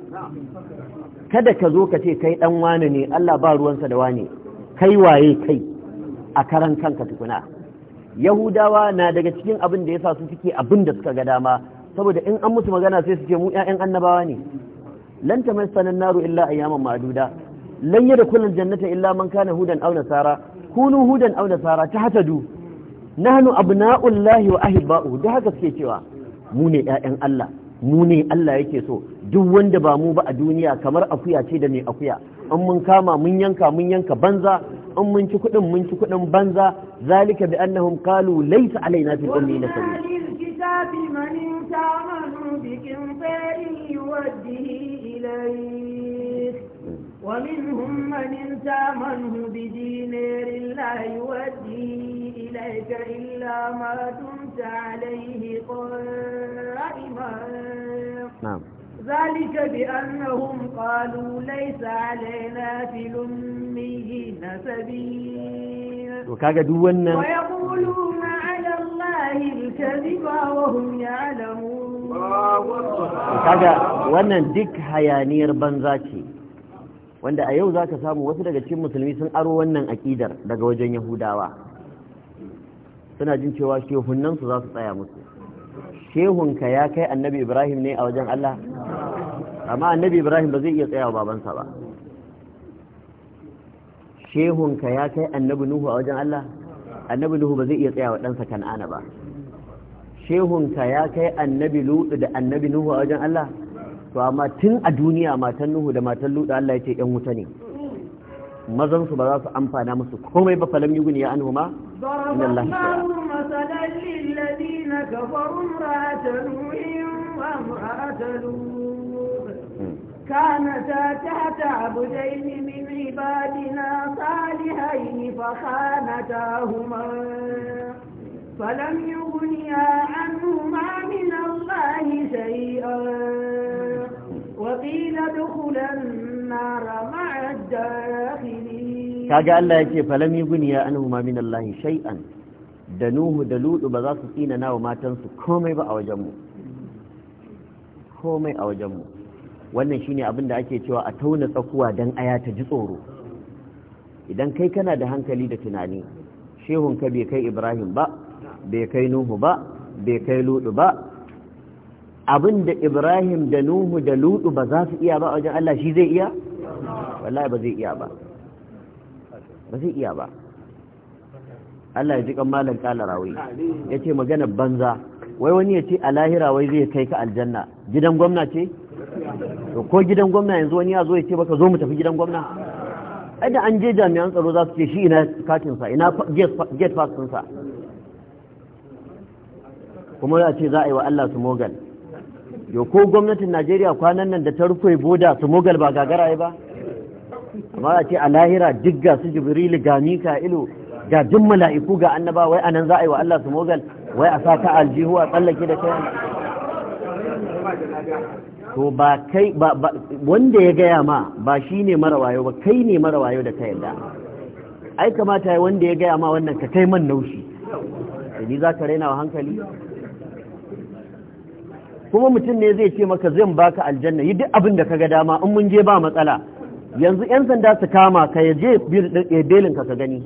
[SPEAKER 2] kada ka zo ka ce kai dan wane ne Allah ba ruwansa da wane kai waye kai a karan kanka tukuna yahudawa na daga cikin abin da yasa su suke abin da suka ga dama saboda in an musu magana sai su ce mu ƴaƴan annabawa ne lan tamassana naru illa ayyaman ma'duda lan yada kullun jannata illa man kana hudan aw nasara kunu hudan aw nasara hatadu nahnu abna'ullahi wa ahibba'u da haka suke cewa mu ne ƴaƴan Allah mu ne Allah yake so duk wanda ba mu ba a duniya kamar akuya ce da mai akuya in mun kama mun yanka mun yanka banza in mun ci kuɗin mun ci kuɗin banza zalika bi annahum qalu laysa alaina fil ummiyina sabil
[SPEAKER 1] ومنهم من تامنه بدينار لا يوديه إليك إلا ما دمت عليه قائما نعم ذلك بأنهم قالوا ليس علينا في الأميين سبيل
[SPEAKER 2] وكاقدونا
[SPEAKER 1] ويقولون على الله الكذب وهم يعلمون kaga wannan
[SPEAKER 2] duk hayaniyar banza ce wanda a yau za ka samu wasu daga cikin musulmi sun aro wannan akidar daga wajen yahudawa suna jin cewa shehunansu za su tsaya musu shehunka ya kai annabi ibrahim ne a wajen Allah amma annabi ibrahim ba zai iya tsaya wa babansa ba shehunka ya kai annabi nuhu a wajen Allah annabi nuhu ba zai iya tsaya wa ɗansa kan'ana ba shehunka ya kai annabi lutu da annabi nuhu a wajen Allah to amma tun a duniya matan nuhu da matan lutu Allah ya ce ‘yan wuta ne’ mazan su ba za su amfana musu komai ba falam yuguni ya anhuma min
[SPEAKER 1] Allah كانتا تحت عبدين من عبادنا صالحين فخانتاهما فلم يغنيا عنهما من الله شيئا وقيل ادخلا النار مع الدار
[SPEAKER 2] kaga Allah yake falam ya anhuma min Allah shay'an da Nuhu da Lutu ba za su tsina nawa matansu komai ba a wajen mu komai a wajen mu wannan shine abin da ake cewa a tauna tsakuwa dan aya ta ji tsoro idan kai kana da hankali da tunani shehun ka bai kai Ibrahim ba bai kai Nuhu ba bai kai Lutu ba abin da Ibrahim da Nuhu da Lutu ba za su iya ba a wajen Allah shi zai iya wallahi ba zai iya ba ba zai iya ba Allah ya ji kan malam kala ya ce magana banza wai wani ya ce a lahira wai zai kai ka aljanna gidan gwamna ce to ko gidan gwamna yanzu wani ya zo ya ce baka zo mu tafi gidan gwamna ai da an je jami'an tsaro za su ce shi ina katinsa ina gate pass sa kuma za ce za a yi wa Allah su mogal yo ko gwamnatin Najeriya kwanan nan da ta rufe boda su mogal ba gagara ba amma a ce a lahira duk ga su jibril ga mika'ilu ga jin mala'iku ga annaba wai anan za a yi wa Allah su mogal wai a sa ka aljihu a tsallake da kai to ba kai ba wanda ya gaya ma ba shi ne mara wayo ba kai ne mara wayo da ka yarda ai kamata ya wanda ya gaya ma wannan ka kai man naushi ni za ka raina wa hankali kuma mutum ne zai ce maka zan baka aljanna yi duk abin da ka ga dama in mun je ba matsala yanzu 'yan sanda su kama ka ya je belin ka ka gani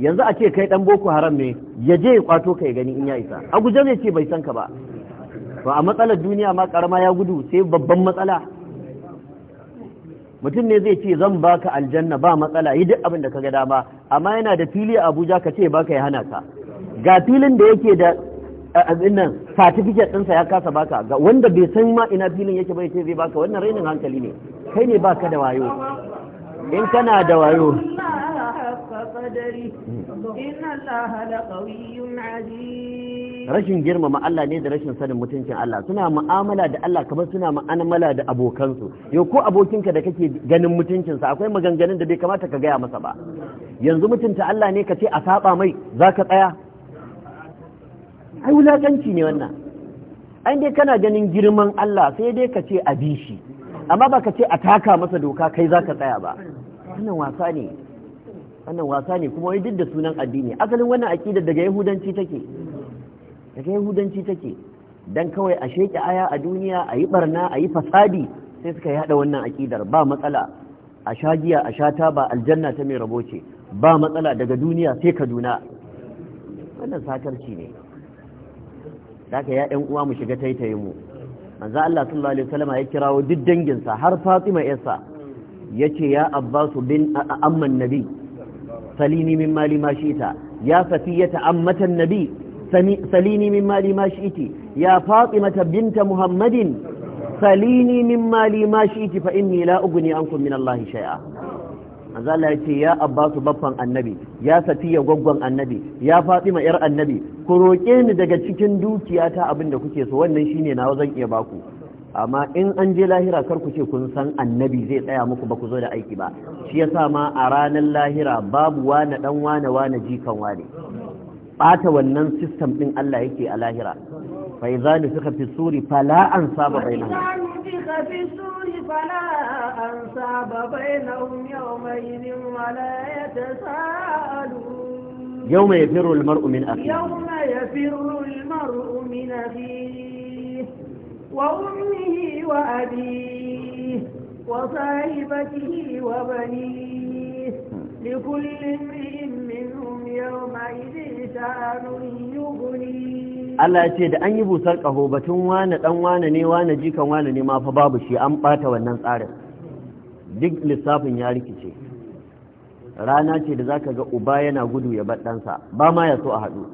[SPEAKER 2] yanzu a ce kai dan boko haram ne ya je ya kwato ka ya gani in ya isa a guje zai ce bai san ka ba ba a matsalar duniya ma karama ya gudu sai babban matsala mutum ne zai ce zan baka aljanna ba matsala yi duk abin da ka ga dama amma yana da fili a abuja ka ce baka ya hana ka ga filin da yake da nan satifiket ɗinsa ya kasa baka ga wanda bai san ma ina filin yake bai ce zai baka wannan rainin hankali ne kai ne baka da wayo in kana da wayo rashin girmama Allah ne da rashin sanin mutuncin Allah suna mu'amala da Allah kamar suna mu'amala da abokansu yau ko abokinka da kake ganin mutuncinsa akwai maganganun da bai kamata ka gaya masa ba yanzu mutunta Allah ne ka ce a saba mai za ka tsaya ai wulaƙanci ne wannan an dai kana ganin girman Allah sai dai ka ce a bi shi amma ba ka ce a taka masa doka kai za ka tsaya ba wannan wasa ne wannan wasa ne kuma wai duk da sunan addini asalin wannan aƙidar daga yahudanci take daga yahudanci take dan kawai a sheke aya a duniya a yi barna a yi fasadi sai suka yada wannan aƙidar ba matsala a sha giya a shata ba aljanna ta mai rabo ce ba matsala daga duniya sai kaduna wannan satarci ne da ka ya 'yan uwa mu shiga taitayin mu manzo Allah sallallahu alaihi wasallam ya kirawo duk danginsa har Fatima yarsa yace ya abbasu bin amman nabi salini min mali ma shi'ta ya Safiyata ammatan nabi salini min mali ma shi'ti ya Fatima binta Muhammadin salini min mali ma shi'ti fa inni la ughni ankum min Allah shay'a manzo Allah ya ce ya Abbasu baffan annabi ya Safiya gwaggon annabi ya Fatima yar annabi ku roƙe ni daga cikin dukiyata abin da kuke so wannan shine nawa zan iya baku amma in an je lahira kar ku ce kun san annabi zai tsaya muku ba ku zo da aiki ba shi yasa ma a ranar lahira babu wane dan wane wane jikan wane bata wannan system ɗin Allah yake a lahira fa idza suka fi suri fala ansaba bainahum
[SPEAKER 1] فلا أنساب بينهم يومئذ ولا يتساءلون
[SPEAKER 2] يوم يفر المرء من أخيه
[SPEAKER 1] يوم يفر المرء من أخيه وأمه وأبيه وصاحبته وبنيه لكل امرئ منهم يومئذ شأن يغنيه
[SPEAKER 2] Allah ya ce da an yi busar ƙaho batun wane ɗan wane ne wane jikan wane ne ma fa babu shi an ɓata wannan tsarin duk lissafin ya rikice rana ce da za ka ga uba yana gudu ya baɗansa ba ma ya so a haɗu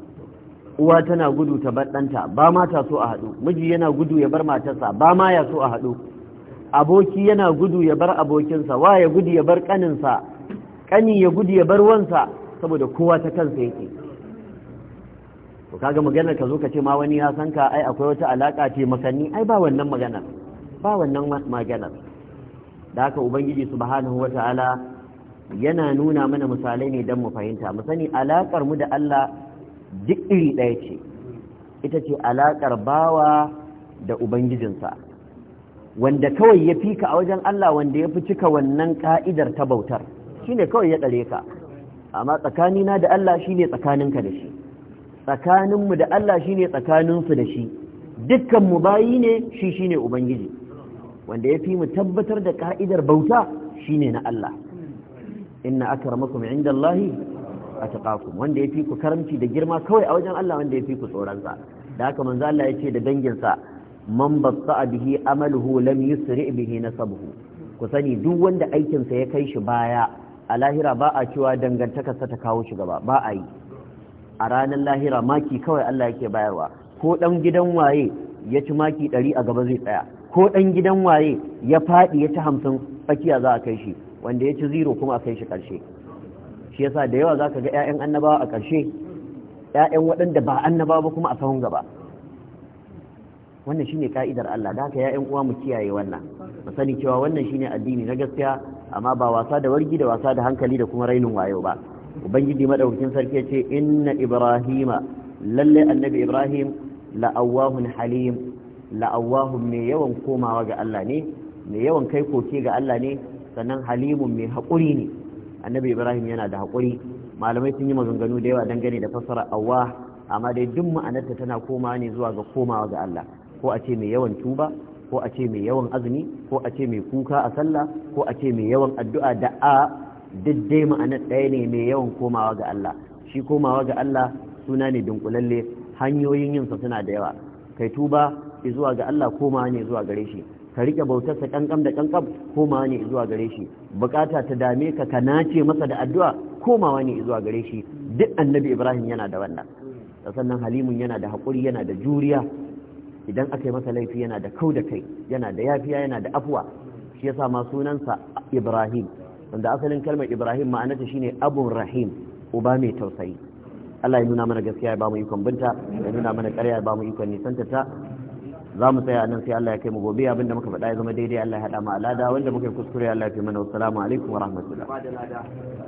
[SPEAKER 2] uwa tana gudu ta baɗanta ba ma ta so a haɗu miji yana gudu ya bar matarsa ba ma ya so a haɗu aboki yana gudu ya bar abokinsa wa ya gudu ya bar ƙaninsa ƙani ya gudu ya bar wansa saboda kowa ta kansa yake to kaga maganar ka zo ka ce ma wani ya san ka ai akwai wata alaka ce makanni ai ba wannan maganar ba wannan maganar da haka ubangiji subhanahu wataala yana nuna mana misalai ne don mu fahimta mu sani alakar mu da Allah duk iri ɗaya ce ita ce alakar bawa da ubangijinsa wanda kawai ya fika a wajen Allah wanda ya fi cika wannan ka'idar ta bautar shine kawai ya tsare ka amma tsakanina da Allah shine tsakaninka da shi tsakaninmu da Allah shine tsakaninsu da shi dukkan mu bayi ne shi ne ubangiji wanda ya fi mu tabbatar da ka'idar bauta shine na Allah inna akramakum indallahi atqakum wanda ya fi ku karamci da girma kawai a wajen Allah wanda ya fi ku tsoronsa. da haka manzo Allah ya ce da danginsa sa man bihi amaluhu lam yusri bihi nasabuhu ku sani duk wanda aikinsa ya kai shi baya a lahira ba a cewa dangantakarsa ta kawo shi gaba ba a yi a ranar lahira maki kawai Allah yake bayarwa ko dan gidan waye ya ci maki ɗari a gaba zai tsaya ko dan gidan waye ya faɗi ya ci hamsin tsakiya za a kai shi wanda ya ci zero kuma a kai shi ƙarshe shi yasa da yawa zaka ga 'ya'yan annabawa a ƙarshe 'ya'yan waɗanda ba annabawa ba kuma a sahun gaba wannan shine ka'idar Allah da haka ya'yan uwa mu kiyaye wannan mu sani cewa wannan shine addini na gaskiya amma ba wasa da wargi da wasa da hankali da kuma rainin wayo ba ubangiji madaukakin sarki ce inna ibrahima lalle annabi ibrahim la'awahun halim la'awahun mai yawan komawa ga Allah ne mai yawan kai koke ga Allah ne sannan halimun mai haƙuri ne annabi ibrahim yana da haƙuri malamai sun yi maganganu da yawa dangane da fassara awa amma dai duk ma'anarta tana komawa ne zuwa ga komawa ga Allah ko a ce mai yawan tuba ko a ce mai yawan azumi ko a ce mai kuka a sallah ko a ce mai yawan addu'a da a duk ma'anar ɗaya ne mai yawan komawa ga Allah shi komawa ga Allah suna ne dunkulalle hanyoyin yinsa suna da yawa kai tuba zuwa ga Allah komawa ne zuwa gare shi ka rike bautarsa kankam da kankam komawa ne zuwa gare shi bukata ta dame ka ka nace masa da addu'a komawa ne zuwa gare shi duk annabi Ibrahim yana da wannan sannan halimun yana da haƙuri yana da juriya idan aka yi masa laifi yana da kau da kai yana da yafiya yana da afuwa shi yasa ma sunansa Ibrahim wanda asalin kalmar ibrahim ma'anata shine abun rahim uba mai tausayi Allah ya nuna mana gaskiya ya ba mu ikon binta ya nuna mana karya ya ba ikon nisanta ta za mu tsaya nan sai Allah ya kai mu gobe abin da muka faɗa ya zama daidai Allah ya haɗa mu alada wanda muka kuskure Allah ya fi mana wassalamu alaikum wa rahmatullah